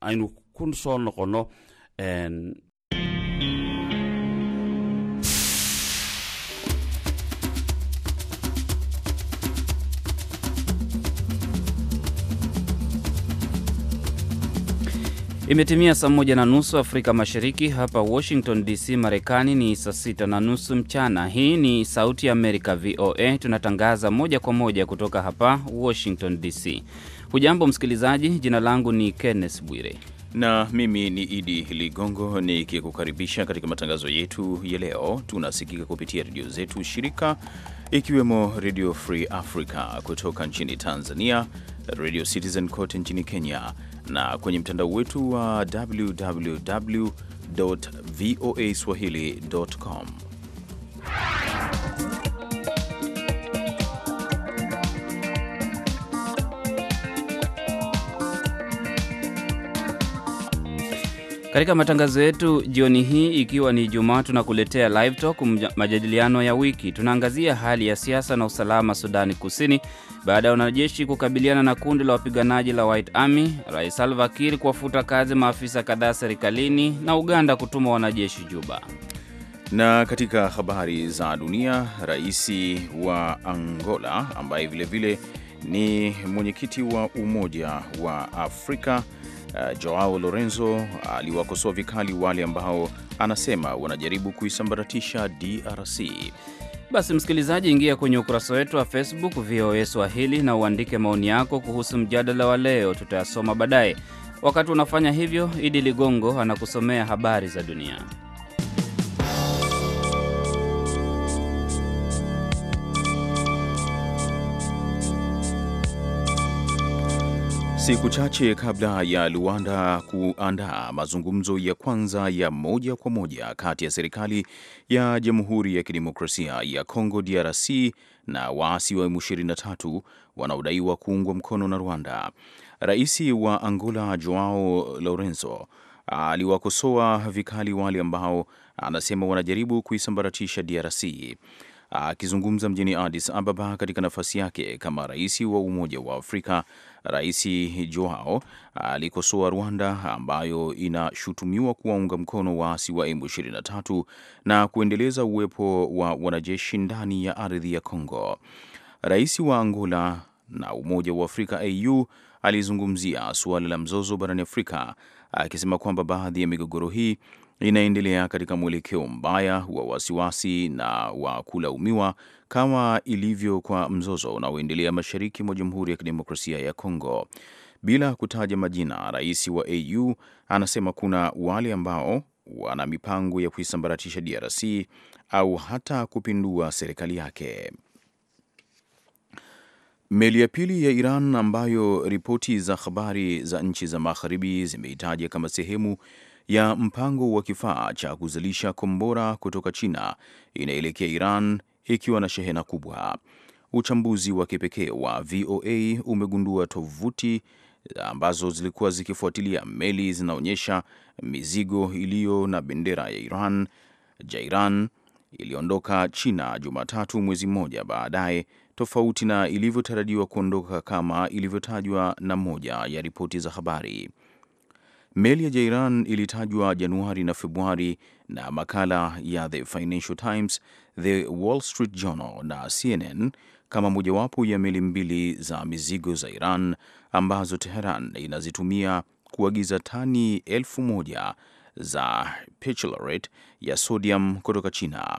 aynu ku soo en Imetimia saa moja na nusu Afrika Mashariki. Hapa Washington DC, Marekani ni saa sita na nusu mchana. Hii ni Sauti ya america VOA. Tunatangaza moja kwa moja kutoka hapa Washington DC. Hujambo msikilizaji, jina langu ni Kenneth Bwire na mimi ni Idi Ligongo nikikukaribisha katika matangazo yetu ya leo. Tunasikika kupitia redio zetu shirika, ikiwemo Redio Free Africa kutoka nchini Tanzania, Radio Citizen kote nchini Kenya, na kwenye mtandao wetu wa www voa swahili.com. Katika matangazo yetu jioni hii, ikiwa ni Ijumaa, tunakuletea live talk, majadiliano ya wiki. Tunaangazia hali ya siasa na usalama Sudani Kusini baada ya wanajeshi kukabiliana na kundi la wapiganaji la White Army, Rais Salva Kiir kuwafuta kazi maafisa kadhaa serikalini, na Uganda kutuma wanajeshi Juba. Na katika habari za dunia, rais wa Angola ambaye vilevile ni mwenyekiti wa Umoja wa Afrika Eh, Joao Lorenzo aliwakosoa vikali wale ambao anasema wanajaribu kuisambaratisha DRC. Basi msikilizaji, ingia kwenye ukurasa wetu wa Facebook VOA Swahili na uandike maoni yako kuhusu mjadala wa leo, tutayasoma baadaye. Wakati unafanya hivyo, Idi Ligongo anakusomea habari za dunia. Siku chache kabla ya Luanda kuandaa mazungumzo ya kwanza ya moja kwa moja kati ya serikali ya Jamhuri ya Kidemokrasia ya congo DRC na waasi wa M23 wanaodaiwa kuungwa mkono na Rwanda, Rais wa Angola Joao lorenzo aliwakosoa vikali wale ambao anasema wanajaribu kuisambaratisha DRC. Akizungumza mjini Addis Ababa katika nafasi yake kama rais wa Umoja wa Afrika Rais Joao alikosoa Rwanda ambayo inashutumiwa kuwaunga mkono waasi wa M23 na kuendeleza uwepo wa wanajeshi ndani ya ardhi ya congo Rais wa Angola na Umoja wa Afrika AU alizungumzia suala la mzozo barani Afrika akisema kwamba baadhi ya migogoro hii inaendelea katika mwelekeo mbaya wa wasiwasi na wa kulaumiwa kama ilivyo kwa mzozo unaoendelea mashariki mwa Jamhuri ya Kidemokrasia ya Kongo. Bila kutaja majina, rais wa AU anasema kuna wale ambao wana mipango ya kuisambaratisha DRC au hata kupindua serikali yake. Meli ya pili ya Iran ambayo ripoti za habari za nchi za magharibi zimeitaja kama sehemu ya mpango wa kifaa cha kuzalisha kombora kutoka China inaelekea Iran ikiwa na shehena kubwa. Uchambuzi wa kipekee wa VOA umegundua tovuti ambazo zilikuwa zikifuatilia meli zinaonyesha mizigo iliyo na bendera ya Iran Jairan iliondoka China Jumatatu, mwezi mmoja baadaye, tofauti na ilivyotarajiwa kuondoka kama ilivyotajwa na moja ya ripoti za habari. Meli ya Jairan ilitajwa Januari na Februari na makala ya The Financial Times The Wall Street Journal na CNN kama mojawapo ya meli mbili za mizigo za Iran ambazo Teheran inazitumia kuagiza tani elfu moja za perchlorate ya sodium kutoka China.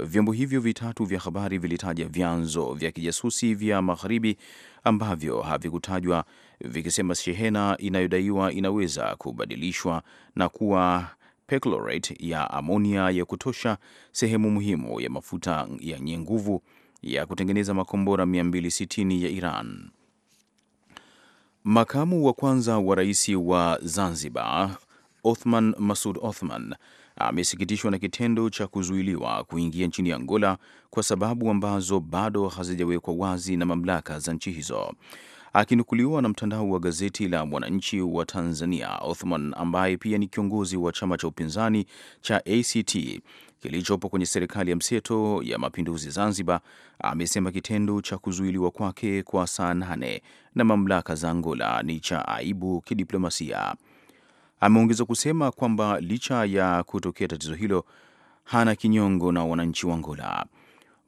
Vyombo hivyo vitatu vya habari vilitaja vyanzo vya kijasusi vya Magharibi ambavyo havikutajwa vikisema shehena inayodaiwa inaweza kubadilishwa na kuwa perchlorate ya amonia ya kutosha, sehemu muhimu ya mafuta yenye nguvu ya kutengeneza makombora 260 ya Iran. Makamu wa kwanza wa rais wa Zanzibar Othman Masud Othman amesikitishwa na kitendo cha kuzuiliwa kuingia nchini Angola kwa sababu ambazo bado hazijawekwa wazi na mamlaka za nchi hizo. Akinukuliwa na mtandao wa gazeti la Mwananchi wa Tanzania, Othman ambaye pia ni kiongozi wa chama cha upinzani cha ACT kilichopo kwenye serikali ya mseto ya mapinduzi Zanzibar, amesema kitendo cha kuzuiliwa kwake kwa saa nane na mamlaka za Angola ni cha aibu kidiplomasia. Ameongeza kusema kwamba licha ya kutokea tatizo hilo, hana kinyongo na wananchi wa Angola.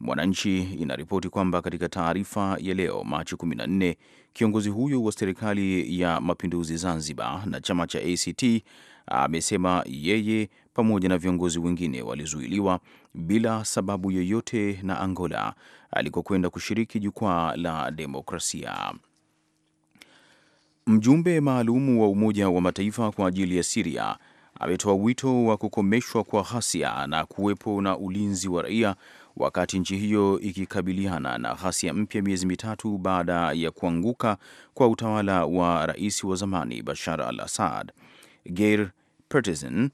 Mwananchi inaripoti kwamba katika taarifa ya leo Machi 14 Kiongozi huyo wa serikali ya mapinduzi Zanzibar na chama cha ACT amesema yeye pamoja na viongozi wengine walizuiliwa bila sababu yoyote na Angola alikokwenda kushiriki jukwaa la demokrasia. Mjumbe maalumu wa Umoja wa Mataifa kwa ajili ya Siria ametoa wito wa kukomeshwa kwa ghasia na kuwepo na ulinzi wa raia wakati nchi hiyo ikikabiliana na ghasia mpya miezi mitatu baada ya kuanguka kwa utawala wa rais wa zamani Bashar al-Assad. Geir Petersen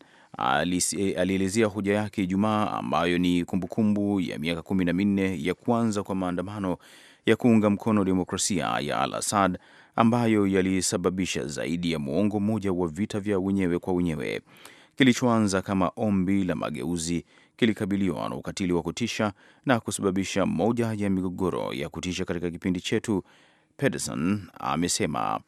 alielezea hoja yake Ijumaa, ambayo ni kumbukumbu kumbu ya miaka kumi na minne ya kwanza kwa maandamano ya kuunga mkono demokrasia ya al-Assad ambayo yalisababisha zaidi ya muongo mmoja wa vita vya wenyewe kwa wenyewe kilichoanza kama ombi la mageuzi kilikabiliwa na ukatili wa kutisha na kusababisha moja ya migogoro ya kutisha katika kipindi chetu, Pedersen amesema.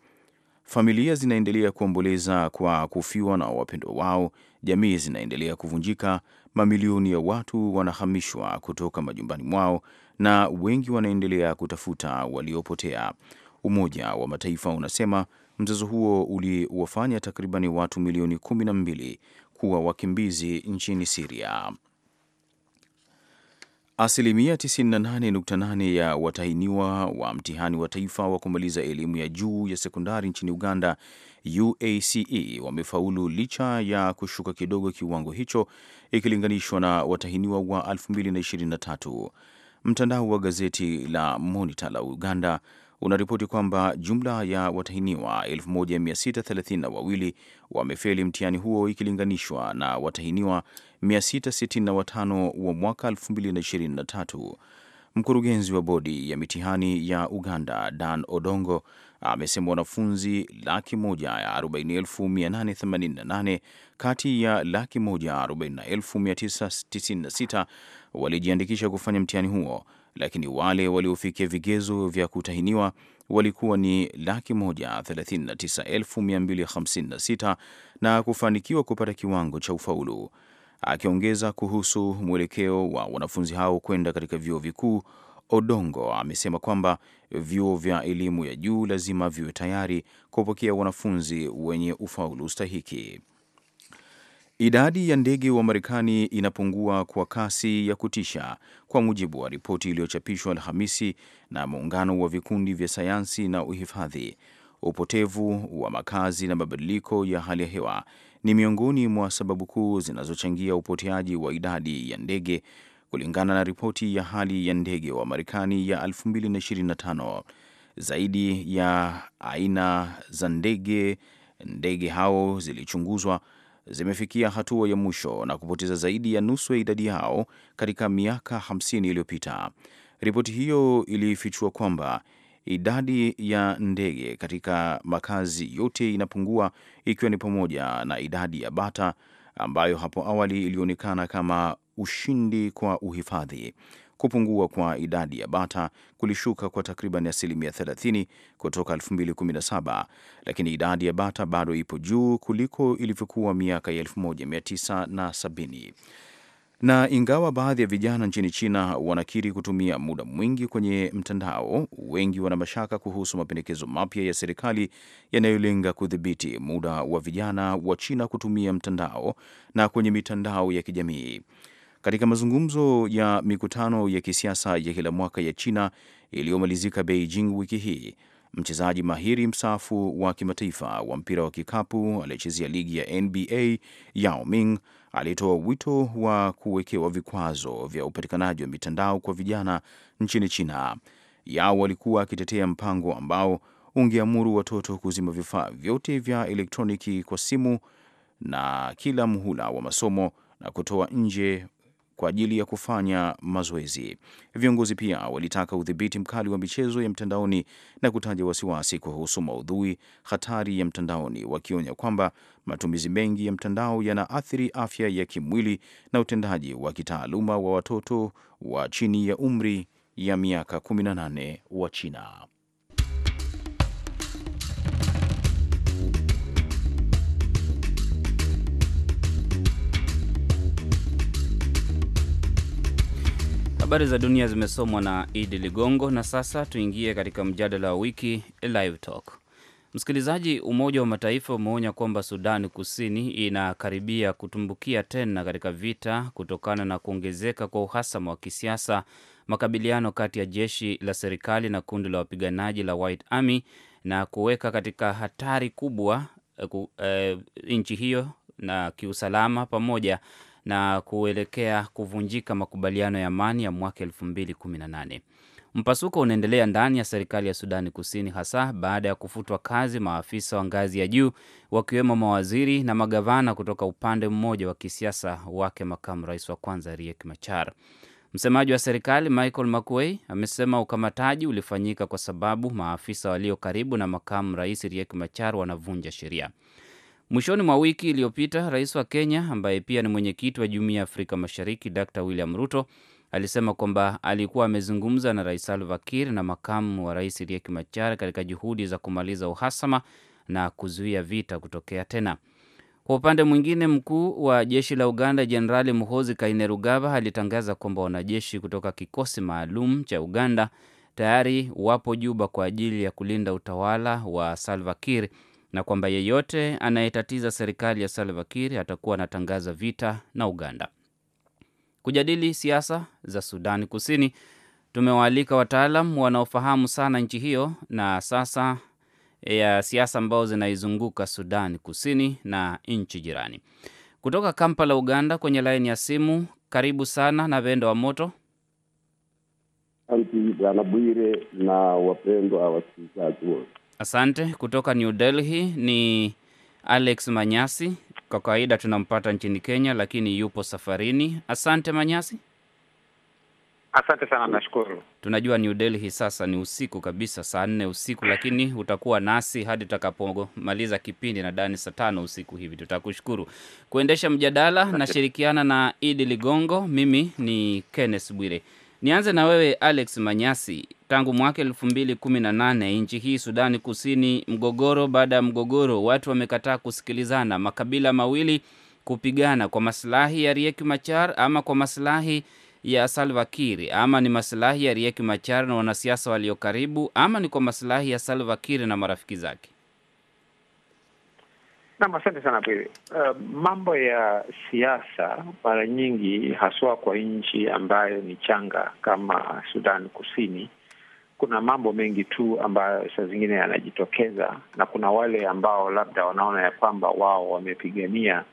Familia zinaendelea kuomboleza kwa kufiwa na wapendwa wao, jamii zinaendelea kuvunjika, mamilioni ya watu wanahamishwa kutoka majumbani mwao na wengi wanaendelea kutafuta waliopotea. Umoja wa Mataifa unasema mzozo huo uliwafanya takribani watu milioni kumi na mbili kuwa wakimbizi nchini Siria. Asilimia 98.8 ya watahiniwa wa mtihani wa taifa wa kumaliza elimu ya juu ya sekondari nchini Uganda UACE wamefaulu licha ya kushuka kidogo kiwango hicho ikilinganishwa na watahiniwa wa 2023. Mtandao wa gazeti la Monitor la Uganda unaripoti kwamba jumla ya watahiniwa 1632 wamefeli mtihani huo ikilinganishwa na watahiniwa 665 wa mwaka 2023. Mkurugenzi wa bodi ya mitihani ya Uganda Dan Odongo amesema wanafunzi laki moja kati ya laki moja walijiandikisha kufanya mtihani huo, lakini wale waliofikia vigezo vya kutahiniwa walikuwa ni laki 139256 na kufanikiwa kupata kiwango cha ufaulu. Akiongeza kuhusu mwelekeo wa wanafunzi hao kwenda katika vyuo vikuu, Odongo amesema kwamba vyuo vya elimu ya juu lazima viwe tayari kupokea wanafunzi wenye ufaulu stahiki. Idadi ya ndege wa Marekani inapungua kwa kasi ya kutisha kwa mujibu wa ripoti iliyochapishwa Alhamisi na muungano wa vikundi vya sayansi na uhifadhi. Upotevu wa makazi na mabadiliko ya hali ya hewa ni miongoni mwa sababu kuu zinazochangia upoteaji wa idadi ya ndege, kulingana na ripoti ya hali ya ndege wa Marekani ya 2025. Zaidi ya aina za ndege ndege hao zilichunguzwa zimefikia hatua ya mwisho na kupoteza zaidi ya nusu ya idadi yao katika miaka 50 iliyopita. Ripoti hiyo ilifichua kwamba idadi ya ndege katika makazi yote inapungua, ikiwa ni pamoja na idadi ya bata ambayo hapo awali ilionekana kama ushindi kwa uhifadhi. Kupungua kwa idadi ya bata kulishuka kwa takriban asilimia 30 kutoka 2017, lakini idadi ya bata bado ipo juu kuliko ilivyokuwa miaka ya 1970. Na ingawa baadhi ya vijana nchini China wanakiri kutumia muda mwingi kwenye mtandao, wengi wana mashaka kuhusu mapendekezo mapya ya serikali yanayolenga kudhibiti muda wa vijana wa China kutumia mtandao na kwenye mitandao ya kijamii. Katika mazungumzo ya mikutano ya kisiasa ya kila mwaka ya China iliyomalizika Beijing wiki hii, mchezaji mahiri mstaafu wa kimataifa wa mpira wa kikapu aliyechezea ligi ya NBA Yao Ming alitoa wito wa kuwekewa vikwazo vya upatikanaji wa mitandao kwa vijana nchini China. Yao walikuwa akitetea mpango ambao ungeamuru watoto kuzima vifaa vyote vya elektroniki kwa simu na kila mhula wa masomo na kutoa nje kwa ajili ya kufanya mazoezi. Viongozi pia walitaka udhibiti mkali wa michezo ya mtandaoni na kutaja wasiwasi kuhusu maudhui hatari ya mtandaoni, wakionya kwamba matumizi mengi ya mtandao yanaathiri afya ya kimwili na utendaji wa kitaaluma wa watoto wa chini ya umri ya miaka 18 wa China. Habari za dunia zimesomwa na Idi Ligongo, na sasa tuingie katika mjadala wa wiki Live Talk. Msikilizaji, Umoja wa Mataifa umeonya kwamba Sudani Kusini inakaribia kutumbukia tena katika vita kutokana na kuongezeka kwa uhasama wa kisiasa, makabiliano kati ya jeshi la serikali na kundi la wapiganaji la White Army na kuweka katika hatari kubwa eh, eh nchi hiyo na kiusalama pamoja na kuelekea kuvunjika makubaliano ya amani ya mwaka 2018. Mpasuko unaendelea ndani ya serikali ya Sudani Kusini, hasa baada ya kufutwa kazi maafisa wa ngazi ya juu wakiwemo mawaziri na magavana kutoka upande mmoja wa kisiasa wake makamu rais wa kwanza Riek Machar. Msemaji wa serikali Michael Makuei amesema ukamataji ulifanyika kwa sababu maafisa walio karibu na makamu rais Riek Machar wanavunja sheria. Mwishoni mwa wiki iliyopita, rais wa Kenya ambaye pia ni mwenyekiti wa jumuiya ya Afrika Mashariki, Dr William Ruto alisema kwamba alikuwa amezungumza na rais Salva Kiir na makamu wa rais Riek Machar katika juhudi za kumaliza uhasama na kuzuia vita kutokea tena. Kwa upande mwingine, mkuu wa jeshi la Uganda Jenerali Muhozi Kainerugaba alitangaza kwamba wanajeshi kutoka kikosi maalum cha Uganda tayari wapo Juba kwa ajili ya kulinda utawala wa Salva Kiir na kwamba yeyote anayetatiza serikali ya Salva Kiir atakuwa anatangaza vita na Uganda. Kujadili siasa za Sudani Kusini, tumewaalika wataalam wanaofahamu sana nchi hiyo na sasa eh, ya siasa ambazo zinaizunguka Sudani Kusini na nchi jirani. Kutoka Kampala, Uganda, kwenye laini ya simu, karibu sana na vendo wa Moto. Asante Bwana Bwire na wapendwa wasikilizaji wote. Asante. Kutoka New Delhi ni Alex Manyasi. Kwa kawaida tunampata nchini Kenya, lakini yupo safarini. Asante Manyasi. Asante sana, nashukuru. Tunajua New Delhi sasa ni usiku kabisa, saa nne usiku, lakini utakuwa nasi hadi tutakapomaliza kipindi, nadhani saa tano usiku hivi. Tutakushukuru kuendesha mjadala. Nashirikiana na Idi Ligongo, mimi ni Kenneth Bwire. Nianze na wewe Alex Manyasi. Tangu mwaka elfu mbili kumi na nane nchi hii Sudani Kusini, mgogoro baada ya mgogoro, watu wamekataa kusikilizana, makabila mawili kupigana kwa masilahi ya Riek Machar ama kwa masilahi ya Salva Kiir, ama ni masilahi ya Riek Machar na wanasiasa walio karibu, ama ni kwa masilahi ya Salva Kiir na marafiki zake. Nam, asante sana Uh, mambo ya siasa mara nyingi, haswa kwa nchi ambayo ni changa kama Sudan Kusini, kuna mambo mengi tu ambayo saa zingine yanajitokeza, na kuna wale ambao labda wanaona ya kwamba wao wamepigania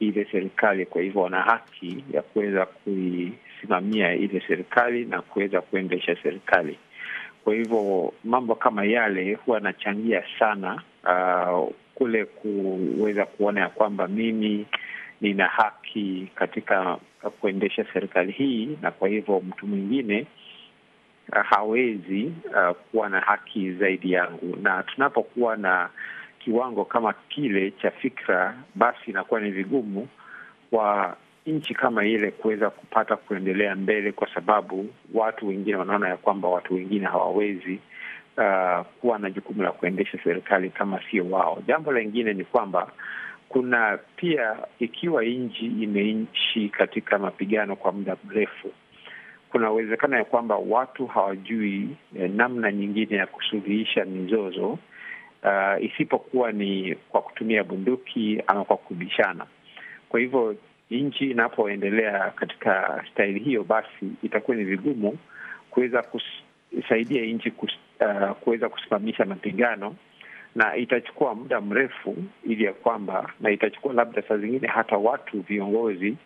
ile serikali, kwa hivyo wana haki ya kuweza kuisimamia ile serikali na kuweza kuendesha serikali. Kwa hivyo mambo kama yale huwa yanachangia sana uh, kule kuweza kuona ya kwamba mimi nina haki katika kuendesha serikali hii, na kwa hivyo mtu mwingine ah, hawezi uh, kuwa na haki zaidi yangu. Na tunapokuwa na kiwango kama kile cha fikra, basi inakuwa ni vigumu kwa nchi kama ile kuweza kupata kuendelea mbele, kwa sababu watu wengine wanaona ya kwamba watu wengine hawawezi uh, kuwa na jukumu la kuendesha serikali kama sio wao. Jambo lingine ni kwamba kuna pia, ikiwa nchi imeishi katika mapigano kwa muda mrefu, kuna uwezekano ya kwamba watu hawajui eh, namna nyingine ya kusuluhisha mizozo uh, isipokuwa ni kwa kutumia bunduki ama kwa kubishana. Kwa hivyo nchi inapoendelea katika staili hiyo, basi itakuwa ni vigumu kuweza kusaidia nchi uh, kuweza kusimamisha mapigano na itachukua muda mrefu ili ya kwamba, na itachukua labda saa zingine hata watu viongozi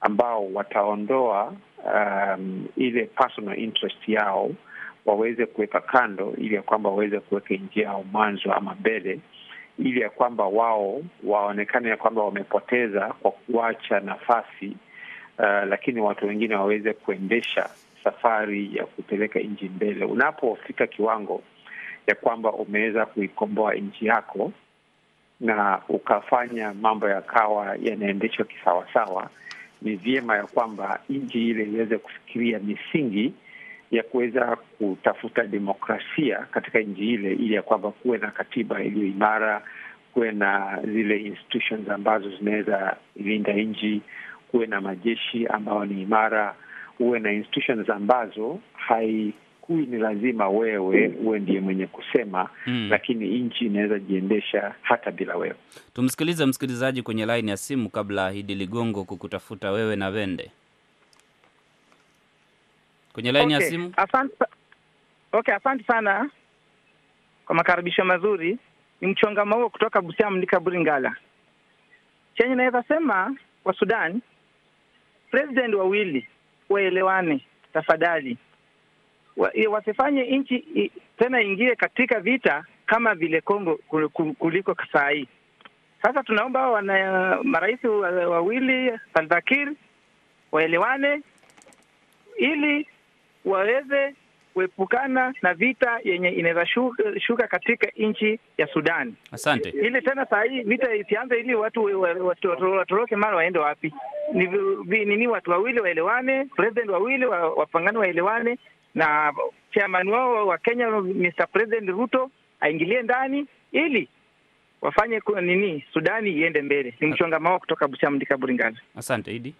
ambao wataondoa um, ile personal interest yao waweze kuweka kando, ili ya kwamba waweze kuweka njia yao mwanzo ama mbele, ili ya kwamba wao waonekane ya kwamba wamepoteza kwa kuacha nafasi uh, lakini watu wengine waweze kuendesha safari ya kupeleka nchi mbele, unapofika kiwango ya kwamba umeweza kuikomboa nchi yako na ukafanya mambo yakawa yanaendeshwa kisawasawa, ni vyema ya kwamba nchi ile iweze kufikiria misingi ya kuweza kutafuta demokrasia katika nchi ile, ili ya kwamba kuwe na katiba iliyo imara, kuwe na zile institutions ambazo zinaweza ilinda nchi, kuwe na majeshi ambayo ni imara uwe na institutions ambazo haikui ni lazima wewe uwe ndiye mwenye kusema hmm. Lakini nchi inaweza jiendesha hata bila wewe. Tumsikilize msikilizaji kwenye laini ya simu kabla Hidi Ligongo kukutafuta wewe na Vende kwenye laini okay. ya simu. Asante okay, asante sana kwa makaribisho mazuri. Ni mchonga huo kutoka Busia, Mlika Chenye naweza sema kwa Sudan, president wawili waelewane tafadhali, wasifanye nchi tena ingie katika vita kama vile Kongo kuliko saa hii. Sasa tunaomba wana marais wawili Salva Kiir waelewane ili waweze kuepukana na vita yenye inaweza shuka, shuka katika nchi ya Sudani. Asante. Ili tena saa hii vita isianze, ili watu watoroke mara waende wapi? Ni nini? Watu wawili waelewane, president wawili wapangane, waelewane na chairman wao wa Kenya Mr. President Ruto aingilie ndani ili wafanye nini, Sudani iende mbele. Ni mao kutoka Busia, Mdika Asante Idi.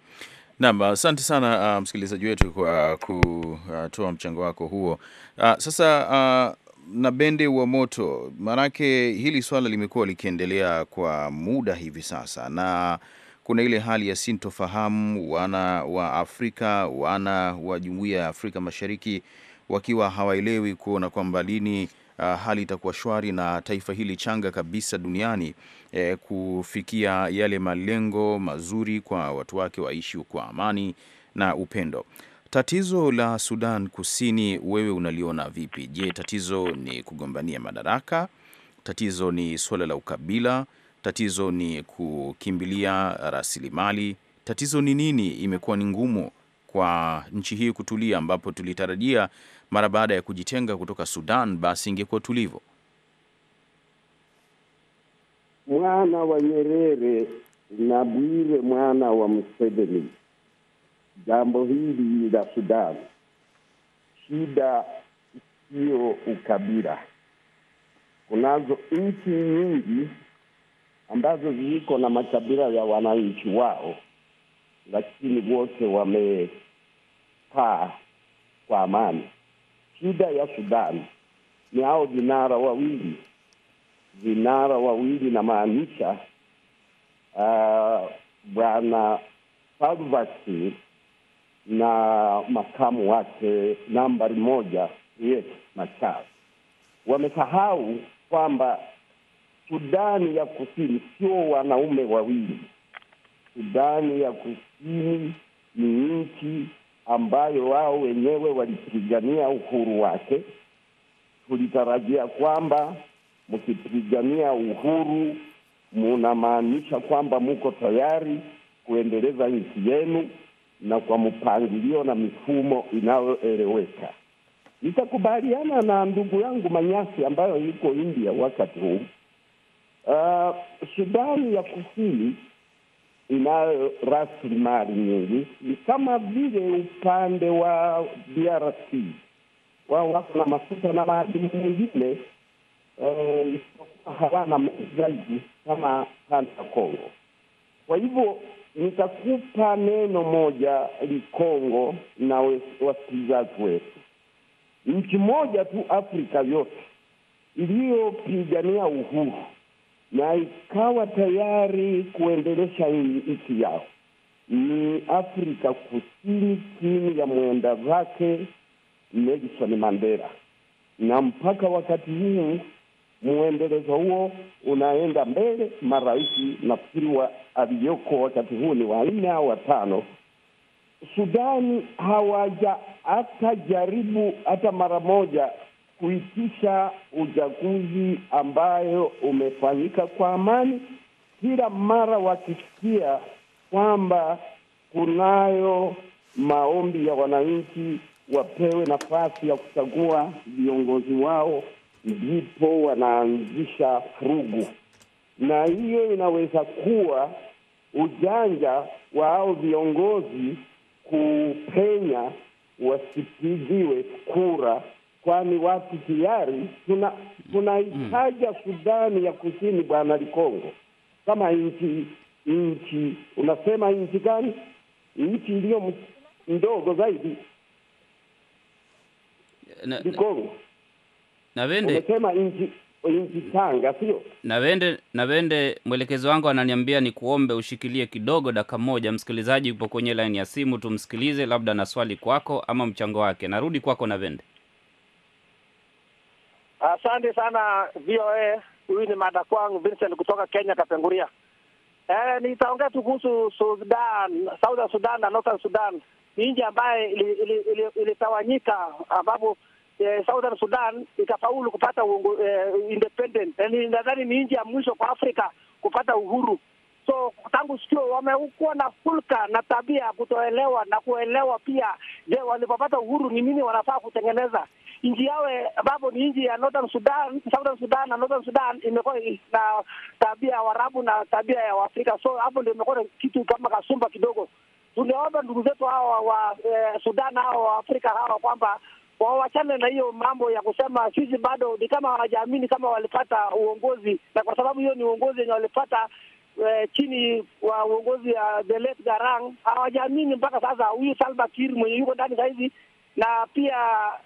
Naam, asante sana uh, msikilizaji wetu kwa ah, kutoa ah, mchango wako huo. Uh, sasa uh, na bende wa moto, maanake hili swala limekuwa likiendelea kwa muda hivi sasa, na kuna ile hali ya sintofahamu, wana wa Afrika, wana wa jumuiya ya Afrika Mashariki wakiwa hawaelewi kuona kwamba lini uh, hali itakuwa shwari na taifa hili changa kabisa duniani eh, kufikia yale malengo mazuri kwa watu wake waishi kwa amani na upendo. Tatizo la Sudan Kusini wewe unaliona vipi? Je, tatizo ni kugombania madaraka? Tatizo ni suala la ukabila? Tatizo ni kukimbilia rasilimali? Tatizo ni nini? Imekuwa ni ngumu kwa nchi hii kutulia, ambapo tulitarajia mara baada ya kujitenga kutoka Sudan, basi ingekuwa tulivu. Mwana wa Nyerere na Bwire mwana wa Museveni, jambo hili la Sudan, shida isiyo ukabila. Kunazo nchi nyingi ambazo ziko na makabila ya wananchi wao, lakini wote wamekaa kwa amani. Shida ya Sudan ni hao vinara wawili, vinara wawili namaanisha uh, ah, bwana Salva Kiir na makamu wake nambari moja Riek Machar. Wamesahau kwamba Sudani ya Kusini sio wanaume wawili. Sudani ya Kusini ni nchi ambayo wao wenyewe walipigania uhuru wake. Tulitarajia kwamba mkipigania uhuru munamaanisha kwamba muko tayari kuendeleza nchi yenu na kwa mpangilio na mifumo inayoeleweka. Nitakubaliana na ndugu yangu Manyasi ambayo yuko India wakati huu. Uh, Sudani ya Kusini inayo rasilimali nyingi, ni kama vile upande wa DRC wao wako na mafuta na maadimu mengine eh, isipokuwa hawana mengi zaidi kama kanda ya Kongo. Kwa hivyo nitakupa neno moja likongo na wasikilizaji wetu, nchi moja tu Afrika yote iliyopigania uhuru na ikawa tayari kuendelesha nchi yao. Ni Afrika Kusini chini ya mwenda zake Nelson Mandela, na mpaka wakati huu mwendelezo huo unaenda mbele. Marais nafikiri wa aliyoko wakati huu ni wanne au watano. Sudani hawaja hata jaribu hata mara moja kuitisha uchaguzi ambayo umefanyika kwa amani. Kila mara wakisikia kwamba kunayo maombi ya wananchi wapewe nafasi ya kuchagua viongozi wao, ndipo wanaanzisha furugu, na hiyo inaweza kuwa ujanja wa hao viongozi kupenya wasipigiwe kura kwani watu tayari tuna mm. Sudani ya Kusini, bwana Likongo, kama nchi nchi, unasema nchi gani? Nchi iliyo ndogo zaidi Likongo na Vende, unasema nchi Nawende, Na na mwelekezo wangu ananiambia ni kuombe ushikilie kidogo, dakika moja. Msikilizaji yupo kwenye laini ya simu, tumsikilize, labda na swali kwako ama mchango wake. Narudi kwako na Asante sana VOA. Huyu ni mada kwangu Vincent kutoka Kenya, Kapenguria. Eh, nitaongea tu kuhusu Sudan, Southern Sudan na Northern Sudan, ni nji ambaye ilitawanyika ili, ili, ili ambapo eh, Southern Sudan ikafaulu kupata uungu, eh, independent. Yaani, nadhani ni nji ya mwisho kwa Afrika kupata uhuru So tangu sikio wamekuwa na fulka na tabia ya kutoelewa na kuelewa pia, je, walipopata uhuru ni nini wanafaa kutengeneza nchi yawe, eh, ambapo ni nchi ya Northern Sudan, Southern Sudan na Northern Sudan imekuwa na tabia ya Warabu na tabia ya Waafrika. So hapo ndio imekuwa kitu kama kasumba kidogo. Tunaomba ndugu zetu hawa wa eh, Sudan hawa Waafrika hawa kwamba wawachane na hiyo mambo ya kusema sisi bado ni kama hawajaamini kama walipata uongozi, na kwa sababu hiyo ni uongozi wenye walipata eh, chini wa uongozi ya the late Garang hawajaamini mpaka sasa huyu Salva Kiir mwenye yuko ndani sahizi na pia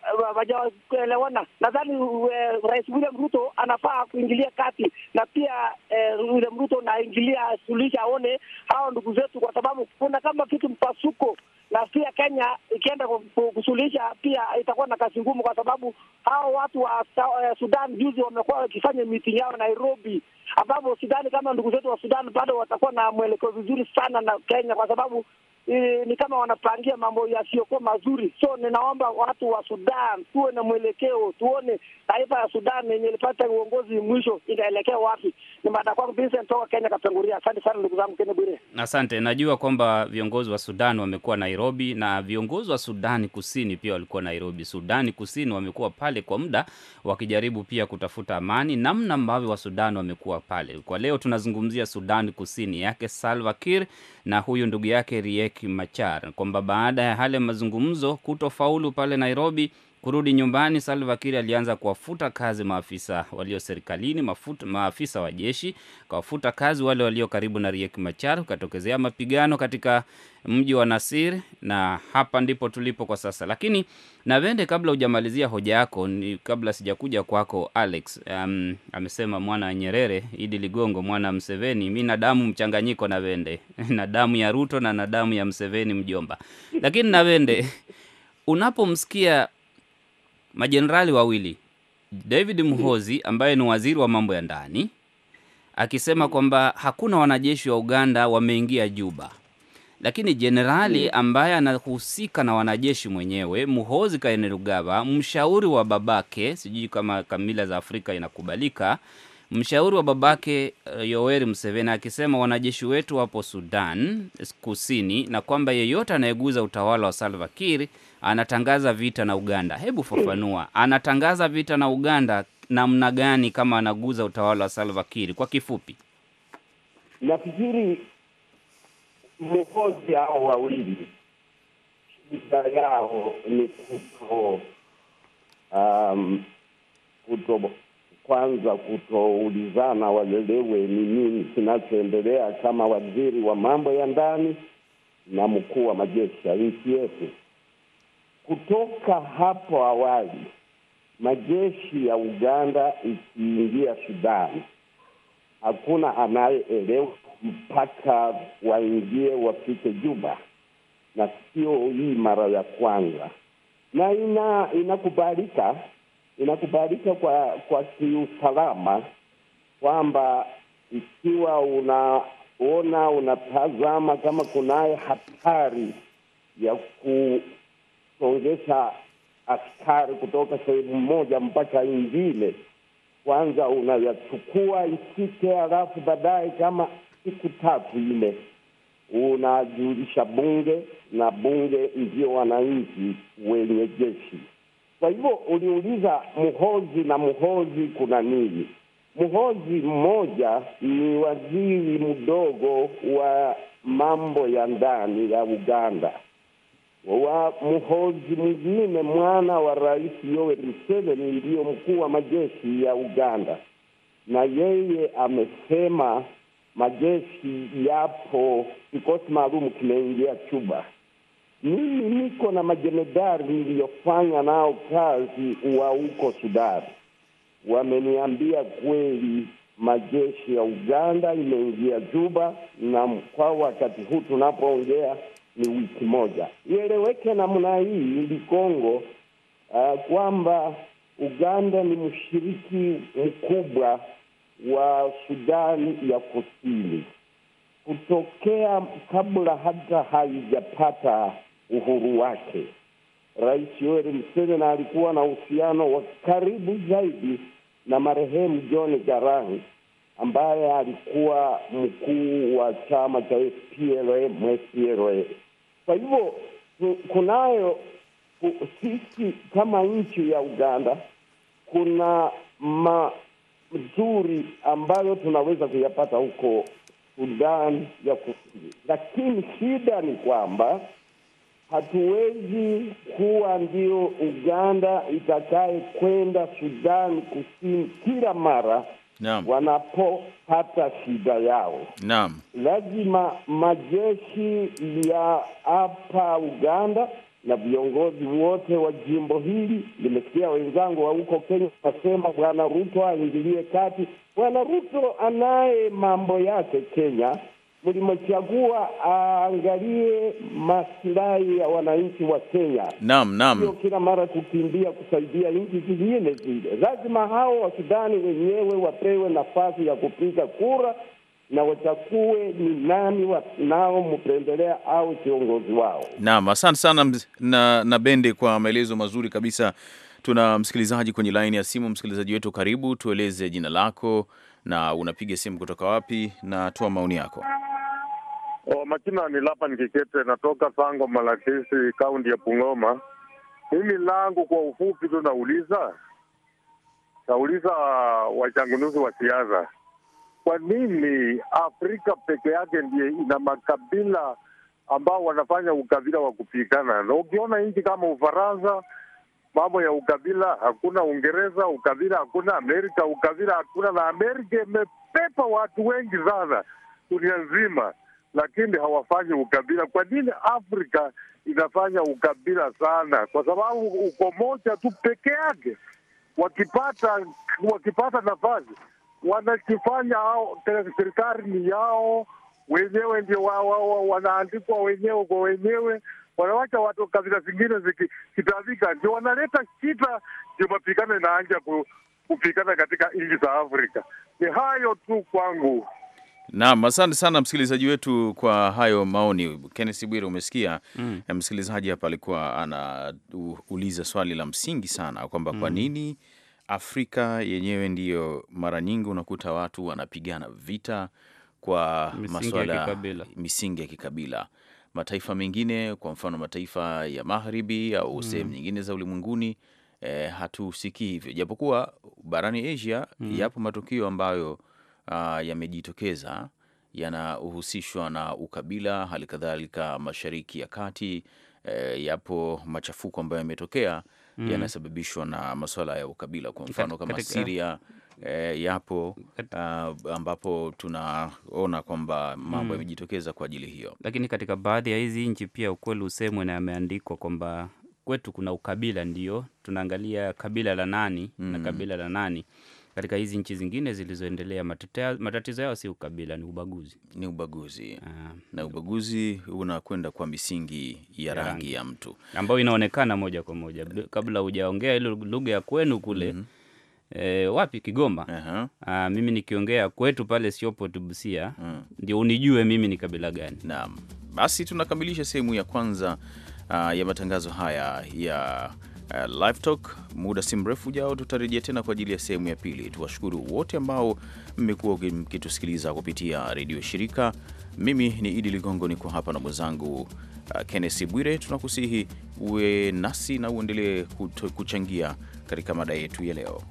eh, wajaelewana. Nadhani eh, Rais William Ruto anafaa kuingilia kati, na pia eh, William Ruto naingilia suluhisha, aone hawa ndugu zetu, kwa sababu kuna kama kitu mpasuko na pia Kenya ikienda kusuluhisha pia itakuwa na kazi ngumu, kwa sababu hao watu wa eh, Sudan juzi wamekuwa wakifanya meeting yao Nairobi, ambapo sidhani kama ndugu zetu wa Sudan bado watakuwa na mwelekeo vizuri sana na Kenya, kwa sababu e, ni kama wanapangia mambo yasiyokuwa mazuri. So ninaomba watu wa Sudan tuwe na mwelekeo, tuone taifa ya Sudan yenye ilipata uongozi mwisho inaelekea wapi. Ni mada kwangu Vincent toka Kenya Kapenguria. Asante sana ndugu zangu Kenya Bwire. Asante, najua kwamba viongozi wa Sudan wamekuwa Nairobi na viongozi wa Sudani Kusini pia walikuwa Nairobi. Sudani Kusini wamekuwa pale kwa muda wakijaribu pia kutafuta amani, namna ambavyo wa Sudan wamekuwa pale. Kwa leo tunazungumzia sudani Kusini yake Salva Kiir na huyu ndugu yake Riek Machar, kwamba baada ya hale mazungumzo kutofaulu pale Nairobi, Kurudi nyumbani, Salva Kiir alianza kuwafuta kazi maafisa walio serikalini, mafuta, maafisa wa jeshi, kawafuta kazi wale walio karibu na Riek Machar. Ukatokezea mapigano katika mji wa Nasir, na hapa ndipo tulipo kwa sasa. Lakini Navende, kabla hujamalizia hoja yako, ni kabla sijakuja kwako Alex, um, amesema mwana wa Nyerere, Idi Ligongo mwana Mseveni, mi na damu mchanganyiko Navende na damu ya Ruto na na damu ya Mseveni mjomba. Lakini Navende, unapomsikia majenerali wawili David Muhozi ambaye ni waziri wa mambo ya ndani akisema kwamba hakuna wanajeshi wa Uganda wameingia Juba, lakini jenerali hmm. ambaye anahusika na wanajeshi mwenyewe Muhozi Kainerugaba, mshauri wa babake, sijui kama kamila za Afrika inakubalika, mshauri wa babake eh, Yoweri Museveni akisema wanajeshi wetu wapo Sudan Kusini, na kwamba yeyote anayeguza utawala wa Salva Kiir anatangaza vita na Uganda. Hebu fafanua, anatangaza vita na Uganda namna gani kama anaguza utawala wa Salva Kiir? Kwa kifupi, nafikiri mmoja hao wawili shida yao ni kuto um, kuto kwanza kutoulizana waelewe ni nini kinachoendelea kama waziri wa mambo ya ndani na mkuu wa majeshi ya nchi yetu. Kutoka hapo awali, majeshi ya Uganda ikiingia Sudan, hakuna anayeelewa mpaka waingie wafike Juba, na sio hii mara ya kwanza, na ina inakubalika inakubalika kwa kwa kiusalama kwamba ikiwa unaona unatazama kama kunaye hatari ya ku kuongeza askari kutoka sehemu moja mpaka nyingine, kwanza unayachukua isike, halafu baadaye kama siku tatu ile unajulisha bunge, na bunge ndio wananchi wenye jeshi. Kwa hivyo uliuliza Muhozi na Muhozi kuna nini? Muhozi mmoja ni waziri mdogo wa mambo ya ndani ya Uganda wa Muhozi mwingine mwana wa Rais Yoweri Museveni ndiyo mkuu wa majeshi ya Uganda, na yeye amesema majeshi yapo, kikosi maalum kimeingia Cuba. Mimi niko na majenerali niliyofanya nao kazi wa huko Sudani, wameniambia kweli majeshi ya Uganda imeingia Juba, na kwa wakati huu tunapoongea ni wiki moja. Ieleweke namna hii ligongo uh, eh, kwamba Uganda ni mshiriki mkubwa wa Sudani ya Kusini kutokea kabla hata haijapata uhuru wake. Rais Yoweri Museveni alikuwa na uhusiano wa karibu zaidi na marehemu John Garang ambaye alikuwa mkuu wa chama cha kwa hivyo kunayo sisi kama nchi ya Uganda kuna mazuri ambayo tunaweza kuyapata huko Sudan ya Kusini, lakini shida ni kwamba hatuwezi kuwa ndio Uganda itakayekwenda Sudan Kusini kila mara Naam. Wanapopata shida yao. Naam. Lazima majeshi ya hapa Uganda na viongozi wote wa jimbo hili, nimesikia wenzangu wa huko Kenya wanasema Bwana Ruto aingilie kati. Bwana Ruto anaye mambo yake Kenya mlimchagua aangalie masilahi ya wananchi wa Kenya. Naam, naam, sio kila mara kukimbia kusaidia nchi zingine zile. Lazima hao Wasudani wenyewe wapewe nafasi ya kupiga kura na wachakue ni nani wanaompendelea au kiongozi wao. Naam, asante sana na, na Bende kwa maelezo mazuri kabisa. Tuna msikilizaji kwenye laini ya simu. Msikilizaji wetu, karibu, tueleze jina lako na unapiga simu kutoka wapi na toa maoni yako. O, oh, majina ni Laban Kikete, natoka Sango Malakisi, kaunti ya Bungoma. Mimi langu kwa ufupi tu nauliza nauliza wachanganuzi wa siasa, kwa nini Afrika peke yake ndiye ina makabila ambao wanafanya ukabila wa kupigana? Na ukiona nchi kama Ufaransa mambo ya ukabila hakuna, Uingereza ukabila hakuna, Amerika ukabila hakuna, na Amerika imepepa watu wengi sana dunia nzima lakini hawafanyi ukabila. Kwa nini Afrika inafanya ukabila sana? Kwa sababu uko moja tu peke yake. Wakipata wakipata nafasi wanakifanya serikali ni yao wenyewe, ndio wa, wa, wa, wanaandikwa wenyewe kwa wenyewe, wanawacha watu kabila zingine zikitabika, ndio wanaleta shida, ndio mapigano inaanja kupigana katika nchi za Afrika. Ni hayo tu kwangu. Naam, asante sana msikilizaji wetu kwa hayo maoni. Kennes Bwire, umesikia mm. Eh, msikilizaji hapa alikuwa anauliza swali la msingi sana kwamba kwa mm. nini Afrika yenyewe ndiyo mara nyingi unakuta watu wanapigana vita kwa masuala misingi ya kikabila. Mataifa mengine kwa mfano mataifa ya magharibi au mm. sehemu nyingine za ulimwenguni eh, hatusikii hivyo, japokuwa barani Asia mm. yapo matukio ambayo uh, yamejitokeza yanahusishwa na ukabila, hali kadhalika Mashariki ya Kati. E, yapo machafuko ambayo yametokea mm. yanasababishwa na masuala ya ukabila, kwa mfano kama katika Syria e, yapo uh, ambapo tunaona kwamba mambo mm. yamejitokeza kwa ajili hiyo, lakini katika baadhi ya hizi nchi pia ukweli usemwe na yameandikwa kwamba kwetu kuna ukabila, ndio tunaangalia kabila la nani mm. na kabila la nani katika hizi nchi zingine zilizoendelea matatizo yao si ukabila, ni ubaguzi, ni ubaguzi Aa, ah, na ubaguzi unakwenda kwa misingi ya rangi, rangi ya mtu ambayo inaonekana moja kwa moja. Kabla hujaongea ile lugha ya kwenu kule mm -hmm. E, wapi Kigoma? uh -huh. Aa, mimi nikiongea kwetu pale siopotubusia Busia mm. Ndio unijue mimi ni kabila gani. Naam, basi tunakamilisha sehemu ya kwanza uh, ya matangazo haya ya uh, live talk. Muda si mrefu ujao tutarejea tena kwa ajili ya sehemu ya pili. Tuwashukuru wote ambao mmekuwa mkitusikiliza kupitia redio shirika. Mimi ni Idi Ligongo, niko hapa na mwenzangu uh, eh, Kennesi Bwire. Tunakusihi uwe nasi na uendelee kuchangia katika mada yetu ya leo.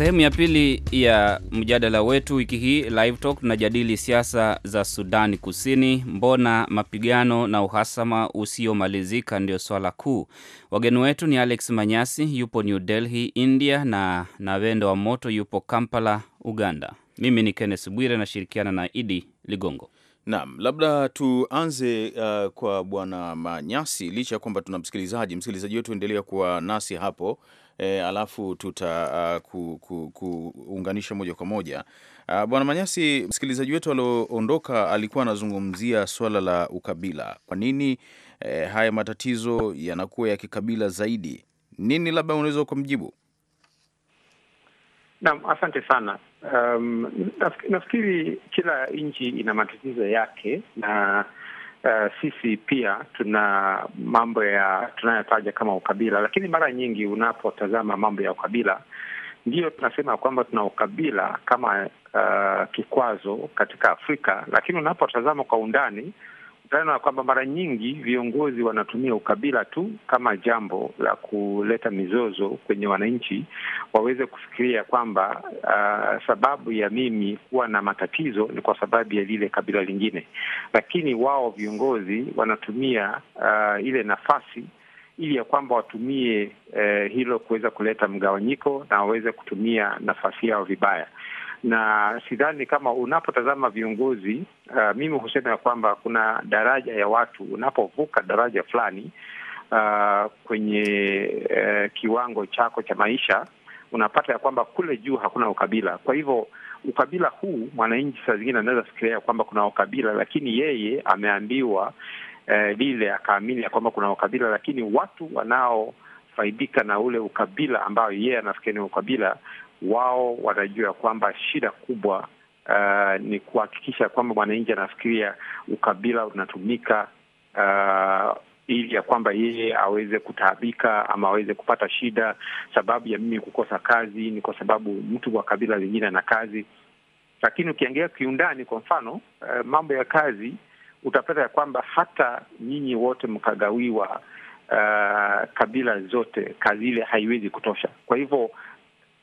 sehemu ya pili ya mjadala wetu wiki hii live talk, tunajadili siasa za Sudani Kusini. Mbona mapigano na uhasama usiomalizika ndio swala kuu? Wageni wetu ni Alex Manyasi yupo New Delhi, India, na Nawendo wa Moto yupo Kampala, Uganda. Mimi ni kennes Bwire nashirikiana na Idi Ligongo. nam labda tuanze uh, kwa bwana Manyasi. Licha ya kwamba tuna msikilizaji, msikilizaji wetu endelea kuwa nasi hapo e, alafu tuta uh, ah, kuunganisha ku, ku, moja kwa moja uh, Bwana Manyasi, msikilizaji wetu alioondoka alikuwa anazungumzia swala la ukabila. Kwa nini e, haya matatizo yanakuwa ya kikabila zaidi? Nini labda unaweza ukamjibu? Naam, asante sana. Um, nafikiri kila nchi ina matatizo yake na Uh, sisi pia tuna mambo ya tunayotaja kama ukabila, lakini mara nyingi unapotazama mambo ya ukabila, ndiyo tunasema kwamba tuna ukabila kama uh, kikwazo katika Afrika, lakini unapotazama kwa undani dhana kwamba mara nyingi viongozi wanatumia ukabila tu kama jambo la kuleta mizozo kwenye wananchi, waweze kufikiria kwamba uh, sababu ya mimi kuwa na matatizo ni kwa sababu ya lile kabila lingine, lakini wao viongozi wanatumia uh, ile nafasi ili ya kwamba watumie eh, hilo kuweza kuleta mgawanyiko na waweze kutumia nafasi yao vibaya na sidhani kama unapotazama viongozi uh, mimi husema ya kwamba kuna daraja ya watu, unapovuka daraja fulani uh, kwenye uh, kiwango chako cha maisha unapata ya kwamba kule juu hakuna ukabila. Kwa hivyo ukabila huu, mwananchi saa zingine anaweza fikiria kwamba kuna ukabila, lakini yeye ameambiwa eh, lile akaamini ya kwamba kuna ukabila, lakini watu wanao faidika na ule ukabila ambao yeye anafikiria ni ukabila wao watajua kwamba shida kubwa uh, ni kuhakikisha kwamba mwananchi anafikiria ukabila unatumika uh, ili ya kwamba yeye aweze kutaabika ama aweze kupata shida. Sababu ya mimi kukosa kazi ni kwa sababu mtu wa kabila lingine ana kazi. Lakini ukiangalia kiundani, kwa mfano uh, mambo ya kazi, utapata ya kwamba hata nyinyi wote mkagawiwa uh, kabila zote, kazi ile haiwezi kutosha. Kwa hivyo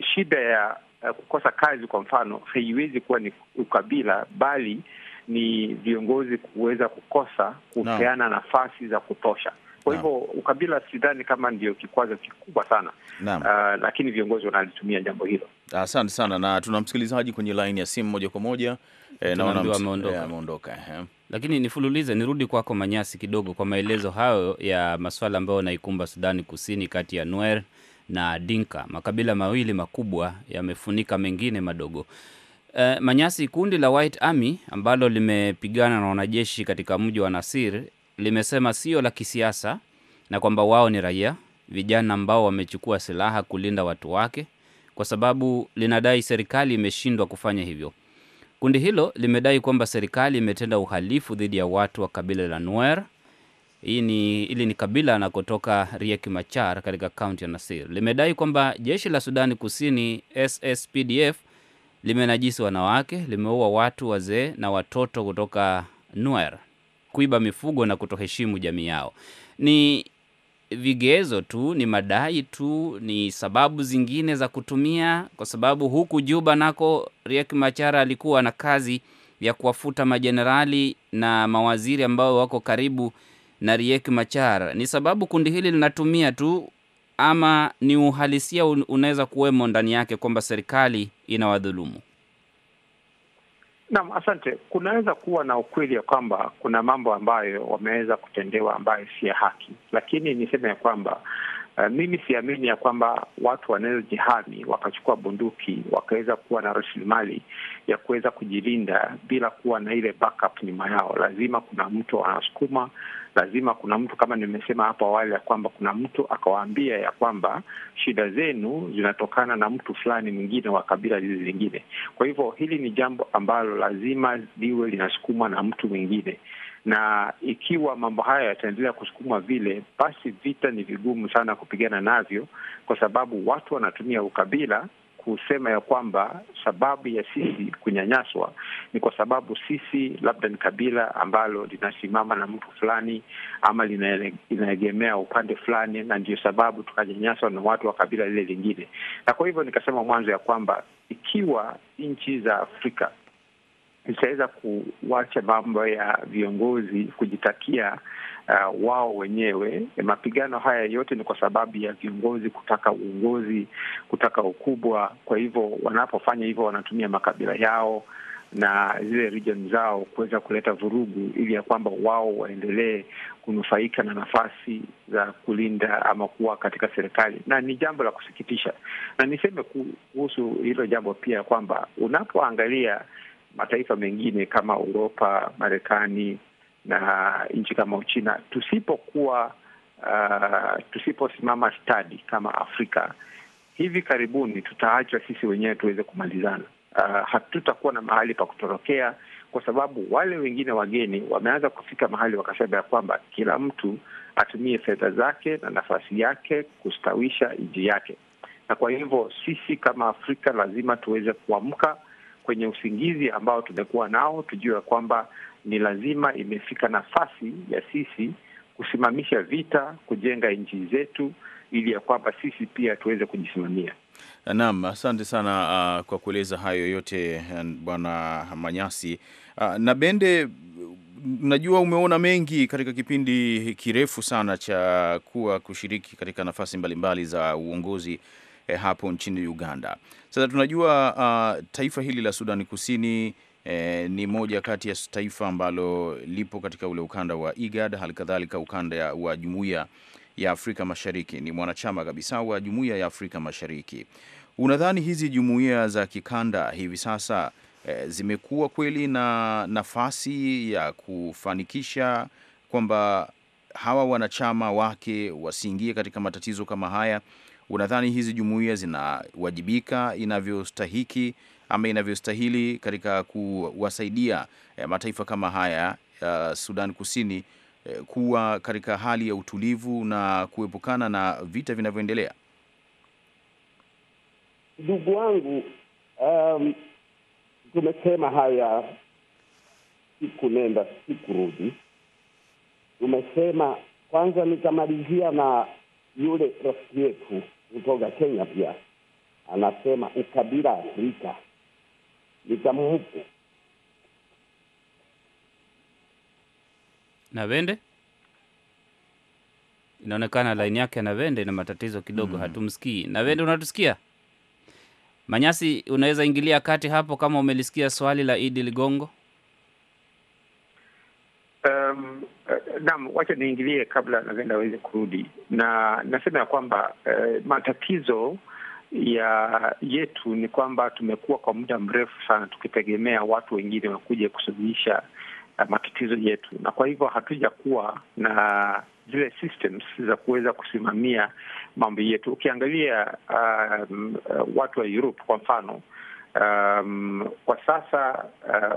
shida ya kukosa kazi kwa mfano haiwezi kuwa ni ukabila, bali ni viongozi kuweza kukosa kupeana no. nafasi za kutosha. Kwa hivyo no. ukabila sidhani kama ndio kikwazo kikubwa sana no. uh, ah, lakini viongozi wanalitumia jambo hilo. Asante sana, na tuna msikilizaji kwenye laini ya simu moja kwa moja eh, naona ameondoka eh, lakini nifululize, nirudi kwako Manyasi kidogo kwa maelezo hayo ya masuala ambayo wanaikumba Sudani Kusini kati ya Nuer na Dinka. Makabila mawili makubwa yamefunika mengine madogo. E, Manyasi, kundi la White Army ambalo limepigana na wanajeshi katika mji wa Nasir limesema sio la kisiasa na kwamba wao ni raia vijana ambao wamechukua silaha kulinda watu wake, kwa sababu linadai serikali imeshindwa kufanya hivyo. Kundi hilo limedai kwamba serikali imetenda uhalifu dhidi ya watu wa kabila la Nuer hii ni, ili ni kabila anakotoka Riek Machar katika kaunti ya Nasir. Limedai kwamba jeshi la Sudani Kusini SSPDF limenajisi wanawake, limeua watu wazee na watoto kutoka Nuer, kuiba mifugo na kutoheshimu jamii yao. Ni vigezo tu, ni madai tu, ni sababu zingine za kutumia, kwa sababu huku Juba nako Riek Machar alikuwa na kazi ya kuwafuta majenerali na mawaziri ambao wako karibu na Riek Machar. Ni sababu kundi hili linatumia tu ama ni uhalisia unaweza kuwemo ndani yake kwamba serikali inawadhulumu? Naam, asante. Kunaweza kuwa na ukweli ya kwamba kuna mambo ambayo wameweza kutendewa ambayo si ya haki, lakini niseme ya kwamba Uh, mimi siamini ya kwamba watu jihami wakachukua bunduki wakaweza kuwa na rasilimali ya kuweza kujilinda bila kuwa na ile backup nyuma yao. Lazima kuna mtu anasukuma, lazima kuna mtu, kama nimesema hapo awali, ya kwamba kuna mtu akawaambia ya kwamba shida zenu zinatokana na mtu fulani mwingine wa kabila hizi zingine. Kwa hivyo hili ni jambo ambalo lazima liwe linasukumwa na mtu mwingine na ikiwa mambo haya yataendelea kusukumwa vile, basi vita ni vigumu sana kupigana navyo, kwa sababu watu wanatumia ukabila kusema ya kwamba sababu ya sisi kunyanyaswa ni kwa sababu sisi labda ni kabila ambalo linasimama na mtu fulani ama linaegemea upande fulani, na ndio sababu tukanyanyaswa na watu wa kabila lile lingine. Na kwa hivyo nikasema mwanzo ya kwamba ikiwa nchi za Afrika zitaweza kuwacha mambo ya viongozi kujitakia uh, wao wenyewe. Mapigano haya yote ni kwa sababu ya viongozi kutaka uongozi, kutaka ukubwa. Kwa hivyo wanapofanya hivyo, wanatumia makabila yao na zile region zao kuweza kuleta vurugu ili ya kwamba wao waendelee kunufaika na nafasi za kulinda ama kuwa katika serikali, na ni jambo la kusikitisha. Na niseme kuhusu hilo jambo pia kwamba unapoangalia mataifa mengine kama Uropa, Marekani na nchi kama Uchina tusipokuwa uh, tusiposimama stadi kama Afrika, hivi karibuni tutaachwa sisi wenyewe tuweze kumalizana. Uh, hatutakuwa na mahali pa kutorokea, kwa sababu wale wengine wageni wameanza kufika mahali wakasema ya kwamba kila mtu atumie fedha zake na nafasi yake kustawisha nchi yake, na kwa hivyo sisi kama Afrika lazima tuweze kuamka kwenye usingizi ambao tumekuwa nao, tujue kwamba ni lazima imefika nafasi ya sisi kusimamisha vita, kujenga nchi zetu ili ya kwamba sisi pia tuweze kujisimamia. Naam, asante sana uh, kwa kueleza hayo yote uh, Bwana Manyasi. Uh, na Bende, najua umeona mengi katika kipindi kirefu sana cha kuwa kushiriki katika nafasi mbalimbali za uongozi eh, hapo nchini Uganda. Sasa tunajua uh, taifa hili la Sudani Kusini e, ni moja kati ya taifa ambalo lipo katika ule ukanda wa IGAD, halikadhalika ukanda wa jumuiya ya Afrika Mashariki, ni mwanachama kabisa wa jumuiya ya Afrika Mashariki. Unadhani hizi jumuiya za kikanda hivi sasa e, zimekuwa kweli na nafasi ya kufanikisha kwamba hawa wanachama wake wasiingie katika matatizo kama haya? Unadhani hizi jumuiya zinawajibika inavyostahiki ama inavyostahili katika kuwasaidia eh, mataifa kama haya ya Sudan Kusini eh, kuwa katika hali ya utulivu na kuepukana na vita vinavyoendelea? Ndugu wangu, um, tumesema haya siku nenda siku rudi. Tumesema kwanza, nitamalizia na yule rafiki yetu kutoka Kenya, pia anasema ukabila Afrika litamhuku na Vende. Inaonekana laini yake na Vende ina matatizo kidogo mm. Hatumsikii na Vende, unatusikia? Manyasi, unaweza ingilia kati hapo kama umelisikia swali la Idi Ligongo. Um, naam, wacha niingilie kabla na aweze kurudi, na nasema ya kwamba uh, matatizo ya yetu ni kwamba tumekuwa kwa muda mrefu sana tukitegemea watu wengine wakuja kusuluhisha eh, matatizo yetu, na kwa hivyo hatujakuwa na zile systems za kuweza kusimamia mambo yetu. Ukiangalia um, eh, watu wa Europe kwa mfano um, kwa sasa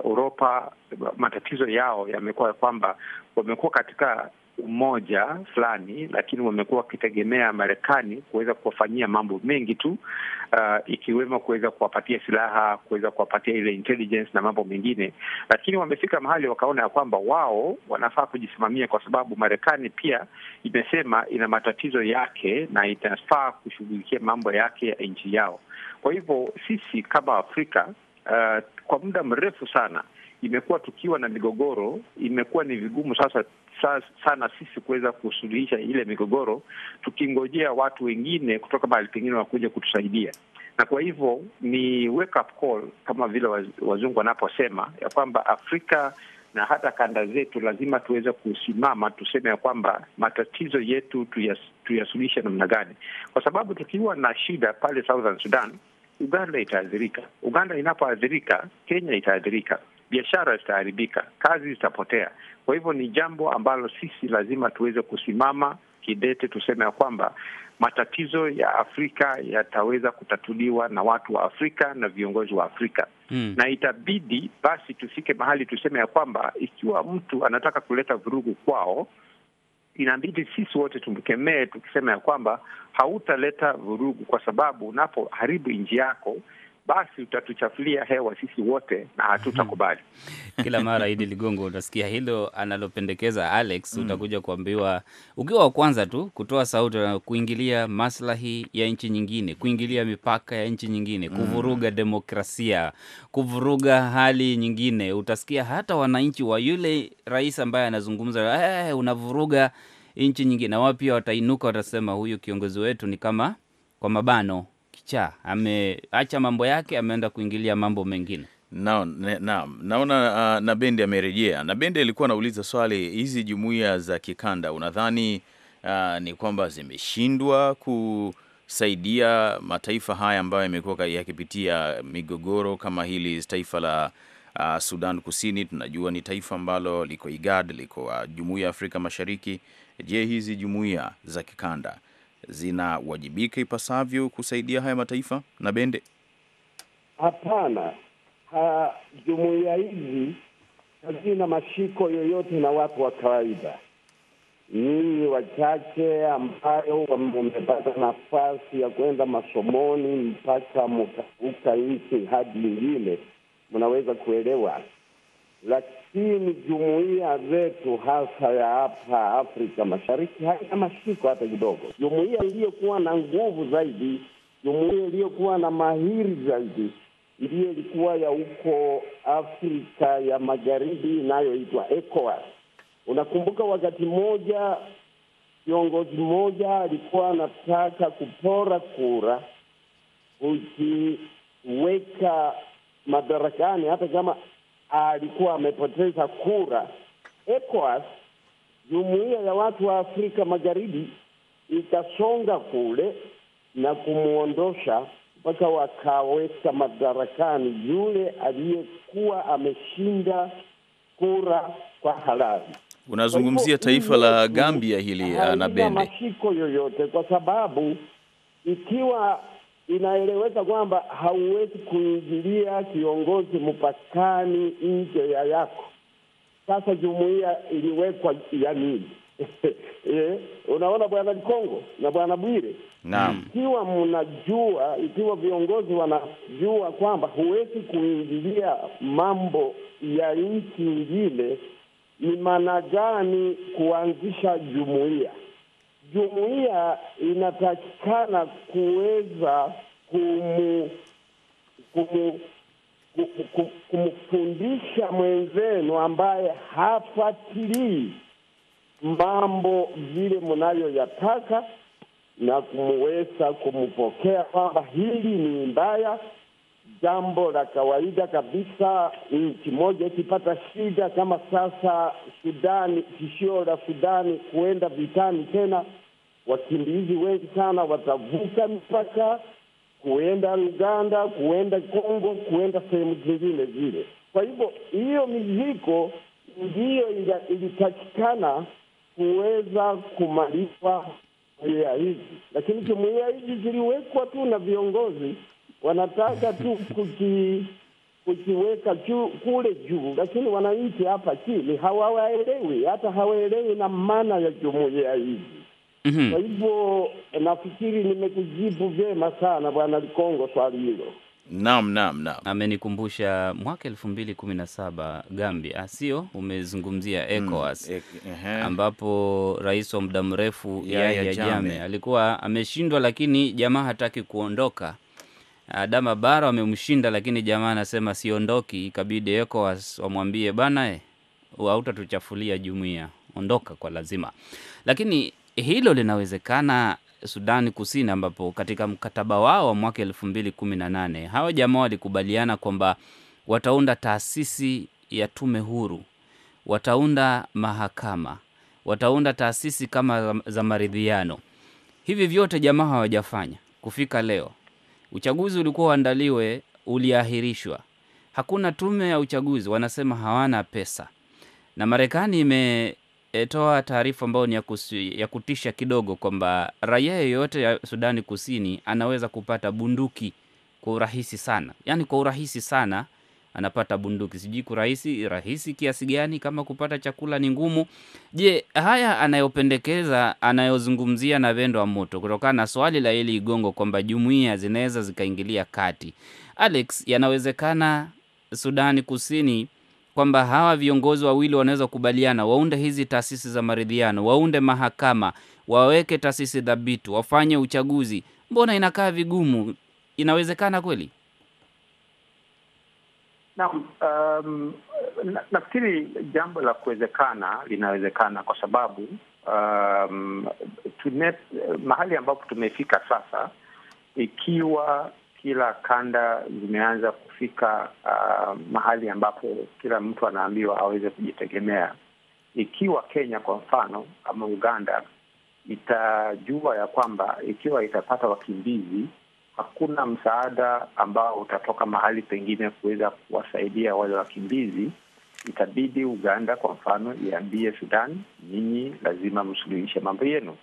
uh, Uropa matatizo yao yamekuwa kwamba wamekuwa katika umoja fulani, lakini wamekuwa wakitegemea Marekani kuweza kuwafanyia mambo mengi tu, uh, ikiwemo kuweza kuwapatia silaha, kuweza kuwapatia ile intelligence na mambo mengine, lakini wamefika mahali wakaona ya kwamba wao wanafaa kujisimamia, kwa sababu Marekani pia imesema ina matatizo yake na itafaa kushughulikia mambo yake ya nchi yao. Kwa hivyo sisi kama Afrika uh, kwa muda mrefu sana imekuwa tukiwa na migogoro, imekuwa ni vigumu sasa sana sisi kuweza kusuluhisha ile migogoro, tukingojea watu wengine kutoka mahali pengine wakuja kutusaidia. Na kwa hivyo ni wake up call, kama vile wazungu wanaposema ya kwamba Afrika na hata kanda zetu lazima tuweze kusimama, tuseme ya kwamba matatizo yetu tuyasuluhisha namna gani, kwa sababu tukiwa na shida pale Southern Sudan, Uganda itaathirika. Uganda inapoathirika, Kenya itaathirika biashara zitaharibika, kazi zitapotea. Kwa hivyo ni jambo ambalo sisi lazima tuweze kusimama kidete, tuseme ya kwamba matatizo ya Afrika yataweza kutatuliwa na watu wa Afrika na viongozi wa Afrika hmm. Na itabidi basi tufike mahali tuseme ya kwamba ikiwa mtu anataka kuleta vurugu kwao inabidi sisi wote tumkemee tukisema ya kwamba hautaleta vurugu, kwa sababu unapoharibu nchi yako basi utatuchafulia hewa sisi wote na hatutakubali. Kila mara Idi Ligongo, utasikia hilo analopendekeza Alex, mm. Utakuja kuambiwa ukiwa wa kwanza tu kutoa sauti na kuingilia maslahi ya nchi nyingine, kuingilia mipaka ya nchi nyingine, mm. kuvuruga demokrasia, kuvuruga hali nyingine. Utasikia hata wananchi wa yule rais ambaye anazungumza hey, eh, unavuruga nchi nyingine, na wao pia watainuka, watasema huyu kiongozi wetu ni kama kwa mabano kichaa, ameacha mambo yake, ameenda kuingilia mambo mengine. Naona ah, na, na uh, Nabende amerejea. Nabende alikuwa anauliza swali, hizi jumuiya za kikanda unadhani uh, ni kwamba zimeshindwa kusaidia mataifa haya ambayo yamekuwa yakipitia migogoro kama hili taifa la uh, Sudan Kusini? Tunajua ni taifa ambalo liko IGAD, liko uh, jumuiya ya Afrika Mashariki. Je, hizi jumuiya za kikanda zinawajibika ipasavyo kusaidia haya mataifa na Bende? Hapana, ha, jumuiya hizi hazina mashiko yoyote na watu wa kawaida. Nyinyi wachache ambayo mmepata nafasi ya kwenda masomoni mpaka mkavuka nchi hadi nyingine, mnaweza kuelewa lakini jumuiya zetu hasa ya hapa Afrika Mashariki haina mashiko hata kidogo. Jumuiya iliyokuwa na nguvu zaidi, jumuiya iliyokuwa na mahiri zaidi ndiyo ilikuwa ya huko Afrika ya Magharibi inayoitwa ECOWAS. Unakumbuka wakati mmoja kiongozi mmoja alikuwa anataka kupora kura ukiweka madarakani hata kama alikuwa amepoteza kura. ECOWAS, jumuiya ya watu wa Afrika Magharibi, ikasonga kule na kumwondosha mpaka wakaweka madarakani yule aliyekuwa ameshinda kura kwa halali. Unazungumzia taifa la Gambia hili na Bende, mashiko yoyote kwa sababu ikiwa inaeleweka kwamba hauwezi kuingilia kiongozi mpakani nje ya yako. Sasa jumuiya iliwekwa ya nini? Yeah. Unaona bwana Likongo na bwana Bwire, naam, ikiwa mnajua, ikiwa viongozi wanajua kwamba huwezi kuingilia mambo ya nchi ingine, ni maana gani kuanzisha jumuiya? jumuiya inatakikana kuweza kumu, kumu kumfundisha mwenzenu ambaye hafuatilii mambo vile mnayoyataka na kumuweza kumpokea kwamba hili ni mbaya, jambo la kawaida kabisa. Nchi moja ikipata shida kama sasa Sudani, tishio la Sudani kuenda vitani tena wakimbizi wengi sana watavuka mipaka kuenda Uganda, kuenda Kongo, kuenda sehemu zingine zile. Kwa hivyo hiyo miziko ndiyo ilitakikana kuweza kumalizwa jumuiya hizi, lakini jumuiya hizi ziliwekwa tu na viongozi wanataka tu kuki, kukiweka juu kule juu, lakini wananchi hapa chini hawawaelewi, hata hawaelewi na maana ya jumuiya hizi mm -hmm. Kwa hivyo nafikiri nimekujibu vyema sana Bwana Likongo swali hilo. Naam, naam, naam. Amenikumbusha mwaka elfu mbili kumi na saba Gambia, ah, sio? Umezungumzia mm, ECOWAS mm, ek, uh -huh. ambapo rais wa muda mrefu Yahya ya ya Jammeh alikuwa ameshindwa, lakini jamaa hataki kuondoka. Adama Barrow amemshinda, lakini jamaa anasema siondoki. Ikabidi ECOWAS wamwambie bana, eh, hautatuchafulia jumuiya, ondoka kwa lazima. Lakini hilo linawezekana Sudani Kusini, ambapo katika mkataba wao wa mwaka elfu mbili kumi na nane hawa jamaa walikubaliana kwamba wataunda taasisi ya tume huru, wataunda mahakama, wataunda taasisi kama za maridhiano. Hivi vyote jamaa hawajafanya kufika leo. Uchaguzi ulikuwa uandaliwe, uliahirishwa. Hakuna tume ya uchaguzi, wanasema hawana pesa, na Marekani ime Eh, toa taarifa ambayo ni ya, kusi, ya kutisha kidogo kwamba raia yeyote ya Sudani Kusini anaweza kupata bunduki kwa urahisi sana, yaani kwa urahisi sana anapata bunduki. Sijui kurahisi rahisi kiasi gani, kama kupata chakula ni ngumu. Je, haya anayopendekeza anayozungumzia na Vendo wa Moto kutokana na swali la Eli Igongo kwamba jumuiya zinaweza zikaingilia kati, Alex, yanawezekana Sudani Kusini kwamba hawa viongozi wawili wanaweza kukubaliana, waunde hizi taasisi za maridhiano, waunde mahakama, waweke taasisi dhabiti, wafanye uchaguzi, mbona inakaa vigumu? Inawezekana kweli? Naam, um, nafikiri jambo la kuwezekana linawezekana kwa sababu um, tune, mahali ambapo tumefika sasa, ikiwa kila kanda zimeanza kufika uh, mahali ambapo kila mtu anaambiwa aweze kujitegemea. Ikiwa Kenya kwa mfano ama Uganda itajua ya kwamba ikiwa itapata wakimbizi, hakuna msaada ambao utatoka mahali pengine kuweza kuwasaidia wale wakimbizi, itabidi Uganda kwa mfano iambie Sudan, nyinyi lazima msuluhishe mambo yenu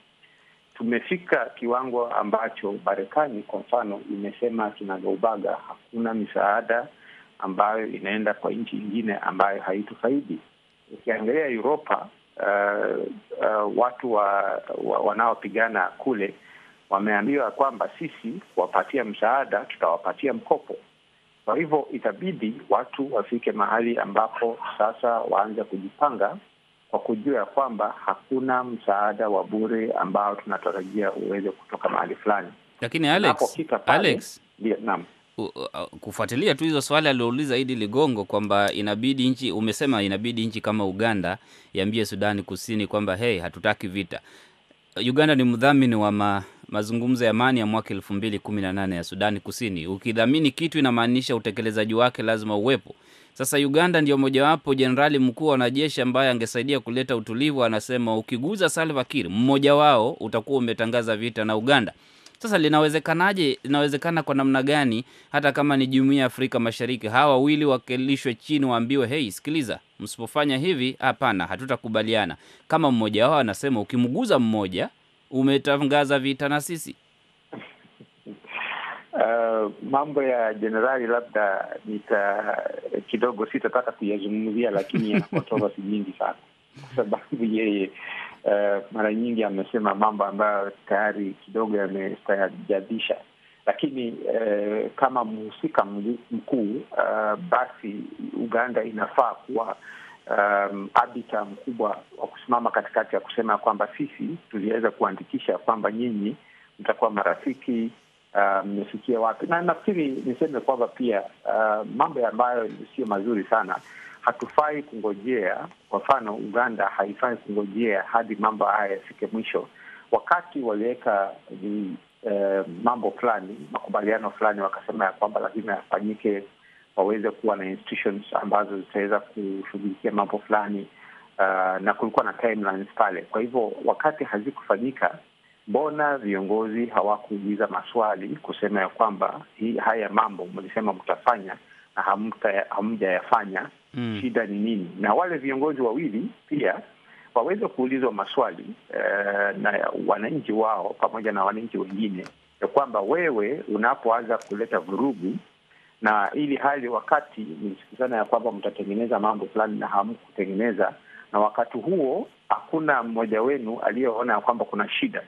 tumefika kiwango ambacho Marekani kwa mfano imesema kinagaubaga, hakuna misaada ambayo inaenda kwa nchi ingine ambayo haitufaidi. Ukiangalia Uropa, uh, uh, watu wa, wa, wanaopigana kule wameambiwa kwamba sisi kuwapatia msaada tutawapatia mkopo. Kwa hivyo itabidi watu wafike mahali ambapo sasa waanze kujipanga kwa kujua ya kwamba hakuna msaada wa bure ambao tunatarajia uweze kutoka mahali fulani. Lakini Alex, Alex, naam kufuatilia tu hizo swali aliouliza Idi Ligongo kwamba inabidi nchi, umesema inabidi nchi kama Uganda iambie Sudani Kusini kwamba hey, hatutaki vita. Uganda ni mdhamini wa ma, mazungumzo ya amani ya mwaka elfu mbili kumi na nane ya Sudani Kusini. Ukidhamini kitu inamaanisha utekelezaji wake lazima uwepo. Sasa Uganda ndio mojawapo, jenerali mkuu wa wanajeshi ambaye angesaidia kuleta utulivu anasema ukiguza Salva Kiir, mmoja wao utakuwa umetangaza vita na Uganda. Sasa linawezekanaje? Linawezekana kwa namna gani? Hata kama ni jumuiya ya Afrika Mashariki, hawa wawili wakilishwe chini, waambiwe hei, sikiliza, msipofanya hivi, hapana, hatutakubaliana. Kama mmoja wao anasema ukimguza mmoja umetangaza vita na sisi. Eh, mambo ya jenerali labda nita kidogo sitataka kuyazungumzia, lakini yana si nyingi sana kwa sababu yeye uh, mara nyingi amesema mambo ambayo tayari kidogo yamestajadisha lakini uh, kama mhusika mkuu uh, basi Uganda inafaa kuwa um, abita mkubwa wa kusimama katikati ya kusema kwamba sisi tuliweza kuandikisha kwamba nyinyi mtakuwa marafiki Ah, mmefikia um, wapi? Na nafikiri niseme kwamba pia uh, mambo ambayo sio mazuri sana hatufai kungojea. Kwa mfano, Uganda haifai kungojea hadi mambo haya yafike mwisho. Wakati waliweka uh, mambo fulani, makubaliano fulani, wakasema ya kwamba lazima yafanyike, waweze kuwa na institutions ambazo zitaweza kushughulikia mambo fulani uh, na kulikuwa na timelines pale. Kwa hivyo wakati hazikufanyika mbona viongozi hawakuuliza maswali kusema ya kwamba haya mambo mlisema mtafanya na hamjayafanya mm. Shida ni nini? Na wale viongozi wawili pia waweze kuulizwa maswali eh, na wananchi wao pamoja na wananchi wengine ya kwamba wewe unapoanza kuleta vurugu na ili hali wakati nisikizana ya kwamba mtatengeneza mambo fulani na hamkutengeneza, na wakati huo hakuna mmoja wenu aliyeona ya kwamba kuna shida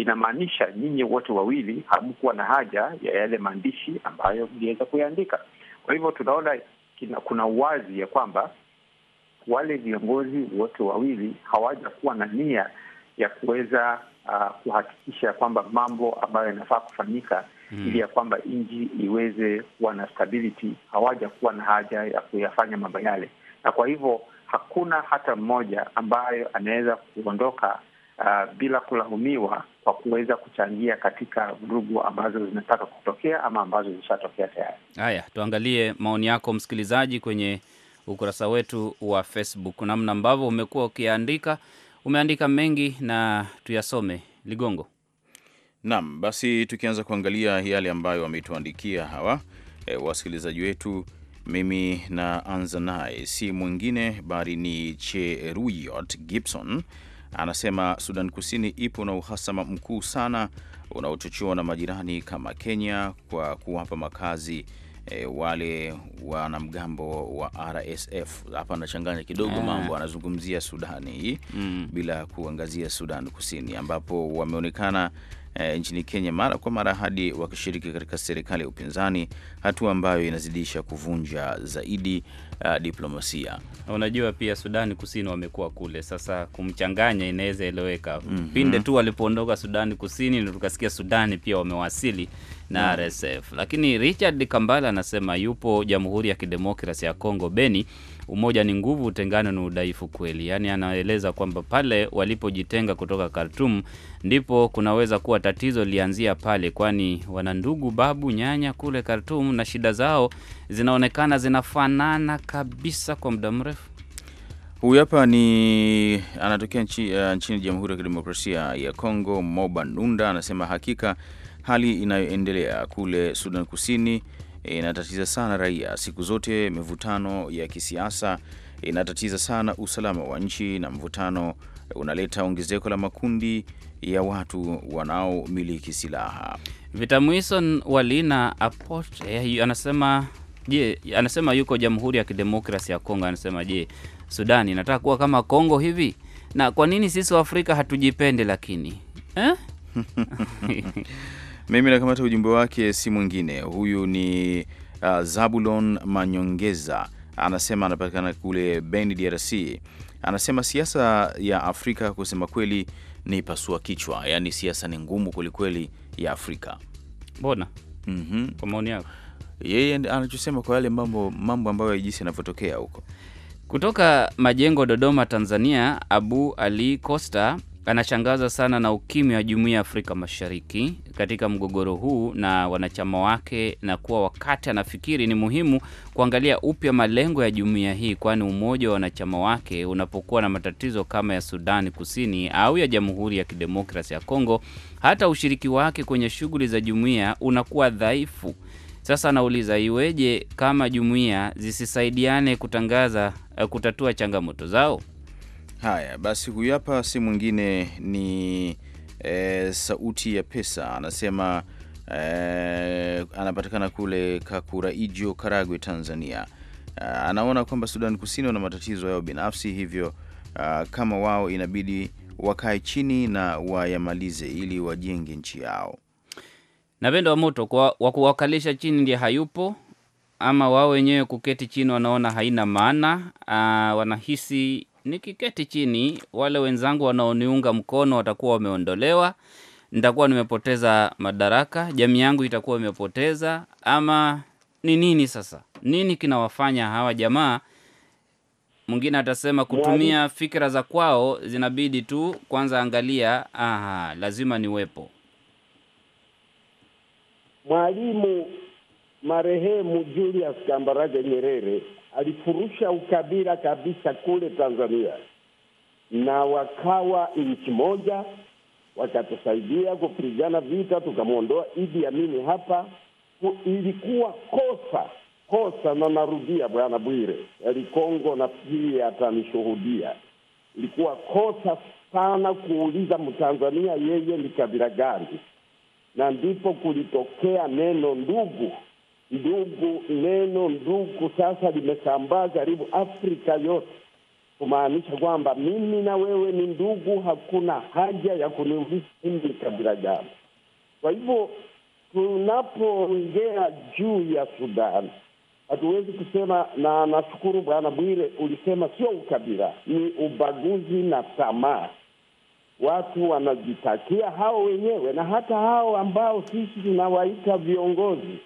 inamaanisha nyinyi wote wawili hamkuwa na haja ya yale maandishi ambayo mliweza kuyaandika. Kwa hivyo tunaona kuna uwazi ya kwamba wale viongozi wote wawili hawajakuwa na nia ya kuweza uh, kuhakikisha kwamba mambo ambayo yanafaa kufanyika mm, ili ya kwamba nchi iweze kuwa na stability, hawajakuwa na haja ya kuyafanya mambo yale, na kwa hivyo hakuna hata mmoja ambayo anaweza kuondoka uh, bila kulaumiwa kwa kuweza kuchangia katika vurugu ambazo zinataka kutokea ama ambazo zishatokea tayari. Haya, tuangalie maoni yako msikilizaji kwenye ukurasa wetu wa Facebook, namna ambavyo umekuwa ukiandika. Umeandika mengi na tuyasome. Ligongo. Naam, basi tukianza kuangalia yale ambayo wametuandikia hawa e, wasikilizaji wetu, mimi naanza naye, si mwingine bali ni Cheruyot Gibson Anasema Sudan Kusini ipo na uhasama mkuu sana unaochochewa na majirani kama Kenya kwa kuwapa makazi E, wale wanamgambo wa RSF. Hapa anachanganya kidogo ah. mambo, anazungumzia Sudani hii mm, bila kuangazia Sudan Kusini ambapo wameonekana e, nchini Kenya mara kwa mara hadi wakishiriki katika serikali ya upinzani, hatua ambayo inazidisha kuvunja zaidi uh, diplomasia. Unajua pia Sudani Kusini wamekuwa kule, sasa kumchanganya inaweza eleweka. mm -hmm. Pinde tu walipoondoka Sudani Kusini ndo tukasikia Sudani pia wamewasili na mhm. RSF. Lakini Richard Kambala anasema yupo Jamhuri ya Kidemokrasi ya Kongo Beni umoja ni nguvu, utengano ni udhaifu kweli. Yaani anaeleza kwamba pale walipojitenga kutoka Khartoum ndipo kunaweza kuwa tatizo lianzia pale, kwani wana ndugu, babu, nyanya kule Khartoum na shida zao zinaonekana zinafanana kabisa kwa muda mrefu. Huyu hapa ni anatokea nchi, uh, nchini Jamhuri ya Kidemokrasia ya Kongo. Moba Nunda anasema hakika hali inayoendelea kule Sudan Kusini inatatiza sana raia. Siku zote mivutano ya kisiasa inatatiza sana usalama wa nchi, na mvutano unaleta ongezeko la makundi ya watu wanaomiliki silaha. Vitamwison Walina Apote eh, anasema je, anasema yuko Jamhuri ya Kidemokrasi ya Kongo. Anasema je, Sudani inataka kuwa kama Kongo hivi? Na kwa nini sisi Afrika hatujipende lakini eh? Mimi nakamata ujumbe wake, si mwingine huyu ni uh, Zabulon Manyongeza, anasema anapatikana kule Beni, DRC. Anasema siasa ya Afrika kusema kweli ni pasua kichwa, yaani siasa ni ngumu kwelikweli ya Afrika. Mbona? mm -hmm. Kwa maoni yako yeye anachosema kwa yale mambo mambo ambayo jinsi yanavyotokea huko. Kutoka Majengo, Dodoma, Tanzania, Abu Ali Costa anashangaza sana na ukimya wa Jumuiya ya Afrika Mashariki katika mgogoro huu na wanachama wake, na kuwa wakati anafikiri ni muhimu kuangalia upya malengo ya jumuiya hii, kwani umoja wa wanachama wake unapokuwa na matatizo kama ya Sudani Kusini au ya Jamhuri ya Kidemokrasia ya Kongo, hata ushiriki wake kwenye shughuli za jumuiya unakuwa dhaifu. Sasa anauliza iweje kama jumuiya zisisaidiane kutangaza eh, kutatua changamoto zao? Haya basi, huyu hapa si mwingine ni e, Sauti ya Pesa anasema e, anapatikana kule Kakuraijo, Karagwe, Tanzania. E, anaona kwamba Sudan Kusini wana matatizo yao binafsi, hivyo a, ah, kama wao inabidi wakae chini na wayamalize ili wajenge nchi yao. Napenda wa moto kwa kuwakalisha chini ndiye hayupo ama wao wenyewe kuketi chini wanaona haina maana. Ah, wanahisi nikiketi chini, wale wenzangu wanaoniunga mkono watakuwa wameondolewa, nitakuwa nimepoteza madaraka, jamii yangu itakuwa imepoteza, ama ni nini sasa? Nini kinawafanya hawa jamaa? Mwingine atasema kutumia fikira za kwao, zinabidi tu kwanza angalia, aha, lazima niwepo. Mwalimu marehemu Julius Kambarage Nyerere alifurusha ukabila kabisa kule Tanzania, na wakawa nchi moja, wakatusaidia kupigana vita, tukamwondoa Idi Amini hapa. Ilikuwa kosa kosa, na narudia, bwana Bwire, na nafikiri atanishuhudia, ilikuwa kosa sana kuuliza Mtanzania yeye ni kabila gani, na ndipo kulitokea neno ndugu ndugu. Neno ndugu sasa limesambaa karibu Afrika yote, kumaanisha kwamba mimi na wewe ni ndugu, hakuna haja ya kuniuliza mimi kabila gani. Kwa hivyo tunapoongea juu ya sudan hatuwezi kusema, na nashukuru Bwana Bwire ulisema sio ukabila, ni ubaguzi na tamaa. Watu wanajitakia hao wenyewe, na hata hao ambao sisi tunawaita viongozi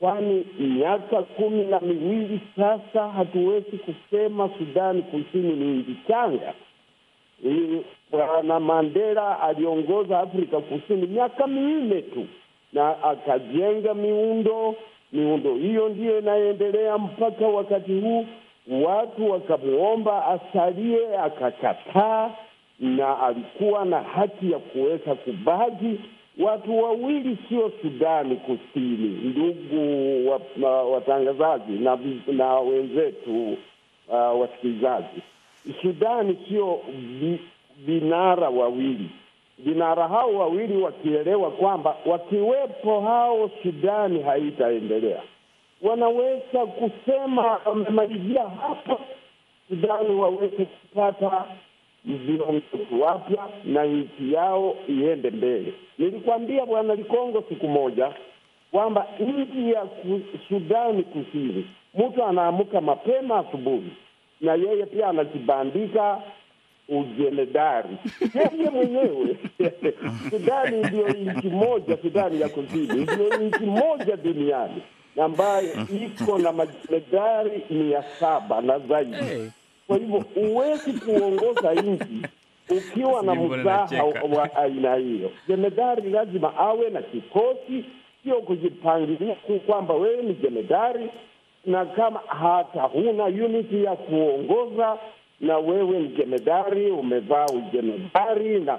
kwani miaka kumi na miwili sasa hatuwezi kusema Sudani Kusini ni nchi changa. Bwana Mandela aliongoza Afrika Kusini miaka minne tu na akajenga miundo miundo hiyo ndiyo inaendelea mpaka wakati huu. Watu wakamwomba asalie, akakataa, na alikuwa na haki ya kuweza kubaki watu wawili, sio Sudani Kusini. Ndugu watangazaji na, na wenzetu uh, wasikilizaji, Sudani sio vinara wawili. Vinara hao wawili wakielewa kwamba wakiwepo hao, Sudani haitaendelea, wanaweza kusema wamemalizia hapa, Sudani waweze kupata viongozi wapya na nchi yao iende mbele. Nilikwambia Bwana Likongo siku moja kwamba nchi ya Sudani Kusini, mtu anaamuka mapema asubuhi na yeye pia anajibandika ujenedari yeye mwenyewe. Sudani ndiyo nchi moja, Sudani ya Kusini ndiyo nchi moja duniani ambayo iko na majenedari mia saba na zaidi. Kwa hivyo huwezi kuongoza nchi ukiwa na mzaha wa aina hiyo. Jemedari lazima awe na kikosi, sio kujipangilia tu kwamba wewe ni jemedari, na kama hata huna uniti ya kuongoza na wewe ni jemedari, umevaa ujemedari na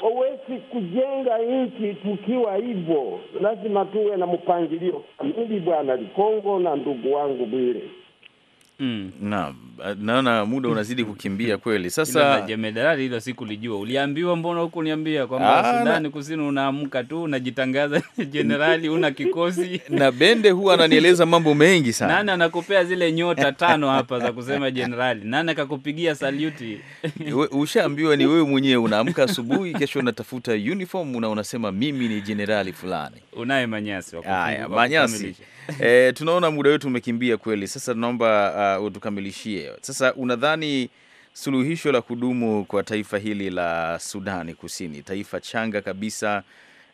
huwezi kujenga nchi tukiwa hivyo. Lazima tuwe na mpangilio kamili, Bwana Likongo na ndugu wangu Bwire. Mm. Naam, Na naona muda unazidi kukimbia kweli. Sasa jemedari ile siku lijua uliambiwa, mbona huku niambia kwamba ah, Sudani Kusini unaamka tu unajitangaza jenerali una kikosi na Bende huwa ananieleza mambo mengi sana. Nani anakupea zile nyota tano hapa za kusema jenerali? Nani akakupigia saluti? Ushaambiwa ni wewe mwenyewe, unaamka asubuhi, kesho unatafuta uniform na unasema mimi ni jenerali fulani. Unaye manyasi wa manyasi E, tunaona muda wetu umekimbia kweli. Sasa tunaomba uh, utukamilishie sasa. Unadhani suluhisho la kudumu kwa taifa hili la Sudani Kusini, taifa changa kabisa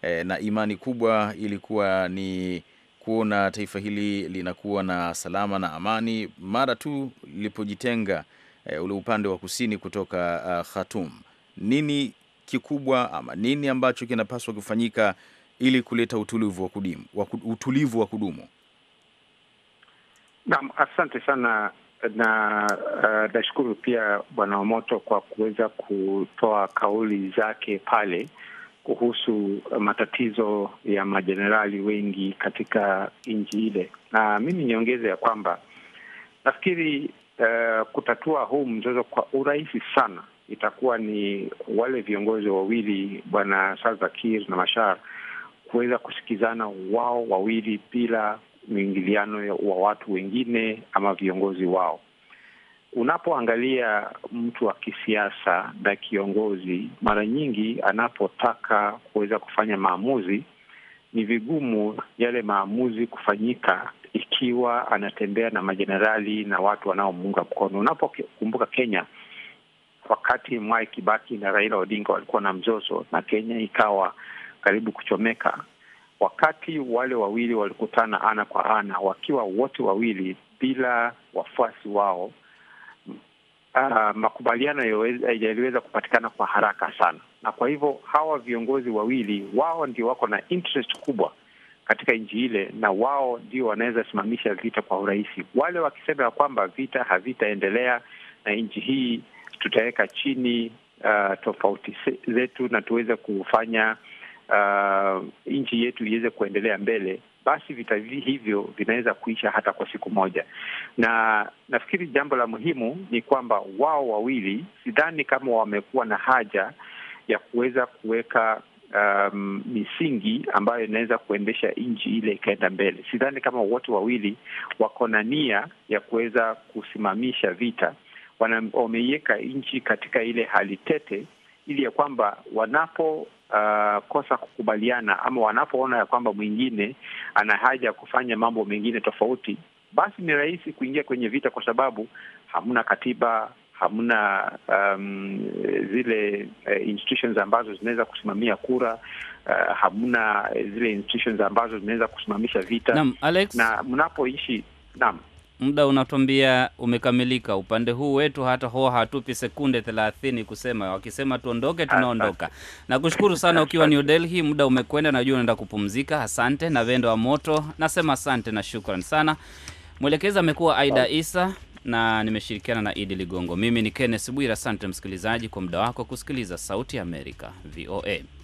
e, na imani kubwa ilikuwa ni kuona taifa hili linakuwa na salama na amani mara tu lilipojitenga e, ule upande wa kusini kutoka uh, Khartoum. Nini kikubwa ama nini ambacho kinapaswa kufanyika ili kuleta utulivu wa kudumu? Naam, asante sana na uh, nashukuru pia Bwana wamoto kwa kuweza kutoa kauli zake pale kuhusu matatizo ya majenerali wengi katika nchi ile, na mimi niongeze ya kwamba nafikiri uh, kutatua huu mzozo kwa urahisi sana itakuwa ni wale viongozi wawili Bwana Salva Kiir na Machar kuweza kusikizana wao wawili bila mwingiliano wa watu wengine ama viongozi wao. Unapoangalia mtu wa kisiasa na kiongozi, mara nyingi anapotaka kuweza kufanya maamuzi, ni vigumu yale maamuzi kufanyika ikiwa anatembea na majenerali na watu wanaomuunga mkono. Unapokumbuka Kenya, wakati Mwai Kibaki na Raila Odinga walikuwa na mzozo na Kenya ikawa karibu kuchomeka, Wakati wale wawili walikutana ana kwa ana, wakiwa wote wawili bila wafuasi wao, uh, makubaliano yaliweza kupatikana kwa haraka sana, na kwa hivyo hawa viongozi wawili wao ndio wako na interest kubwa katika nchi ile, na wao ndio wanaweza simamisha vita kwa urahisi. Wale wakisema ya kwamba vita havitaendelea na nchi hii tutaweka chini uh, tofauti zetu na tuweze kufanya uh, nchi yetu iweze kuendelea mbele, basi vita hivyo vinaweza kuisha hata kwa siku moja. Na nafikiri jambo la muhimu ni kwamba wao wawili, sidhani kama wamekuwa na haja ya kuweza kuweka Um, misingi ambayo inaweza kuendesha nchi ile ikaenda mbele. Sidhani kama wote wawili wako na nia ya kuweza kusimamisha vita. Wameiweka nchi katika ile hali tete, ili ya kwamba wanapo uh, kosa kukubaliana ama wanapoona ya kwamba mwingine ana haja ya kufanya mambo mengine tofauti, basi ni rahisi kuingia kwenye vita, kwa sababu hamna katiba, hamna um, zile uh, institutions ambazo zinaweza kusimamia kura uh, hamna zile institutions ambazo zinaweza kusimamisha vita Nam, Alex... na mnapoishi Naam muda unatuambia umekamilika. Upande huu wetu hata ho hatupi sekunde thelathini kusema, wakisema tuondoke tunaondoka. Nakushukuru sana ukiwa New Delhi, muda umekwenda, najua unaenda kupumzika. Asante na vendo wa moto, nasema asante na shukran sana. Mwelekezi amekuwa Aida Isa na nimeshirikiana na Idi Ligongo. Mimi ni Kenneth Bwira. Asante msikilizaji kwa muda wako kusikiliza Sauti ya Amerika VOA.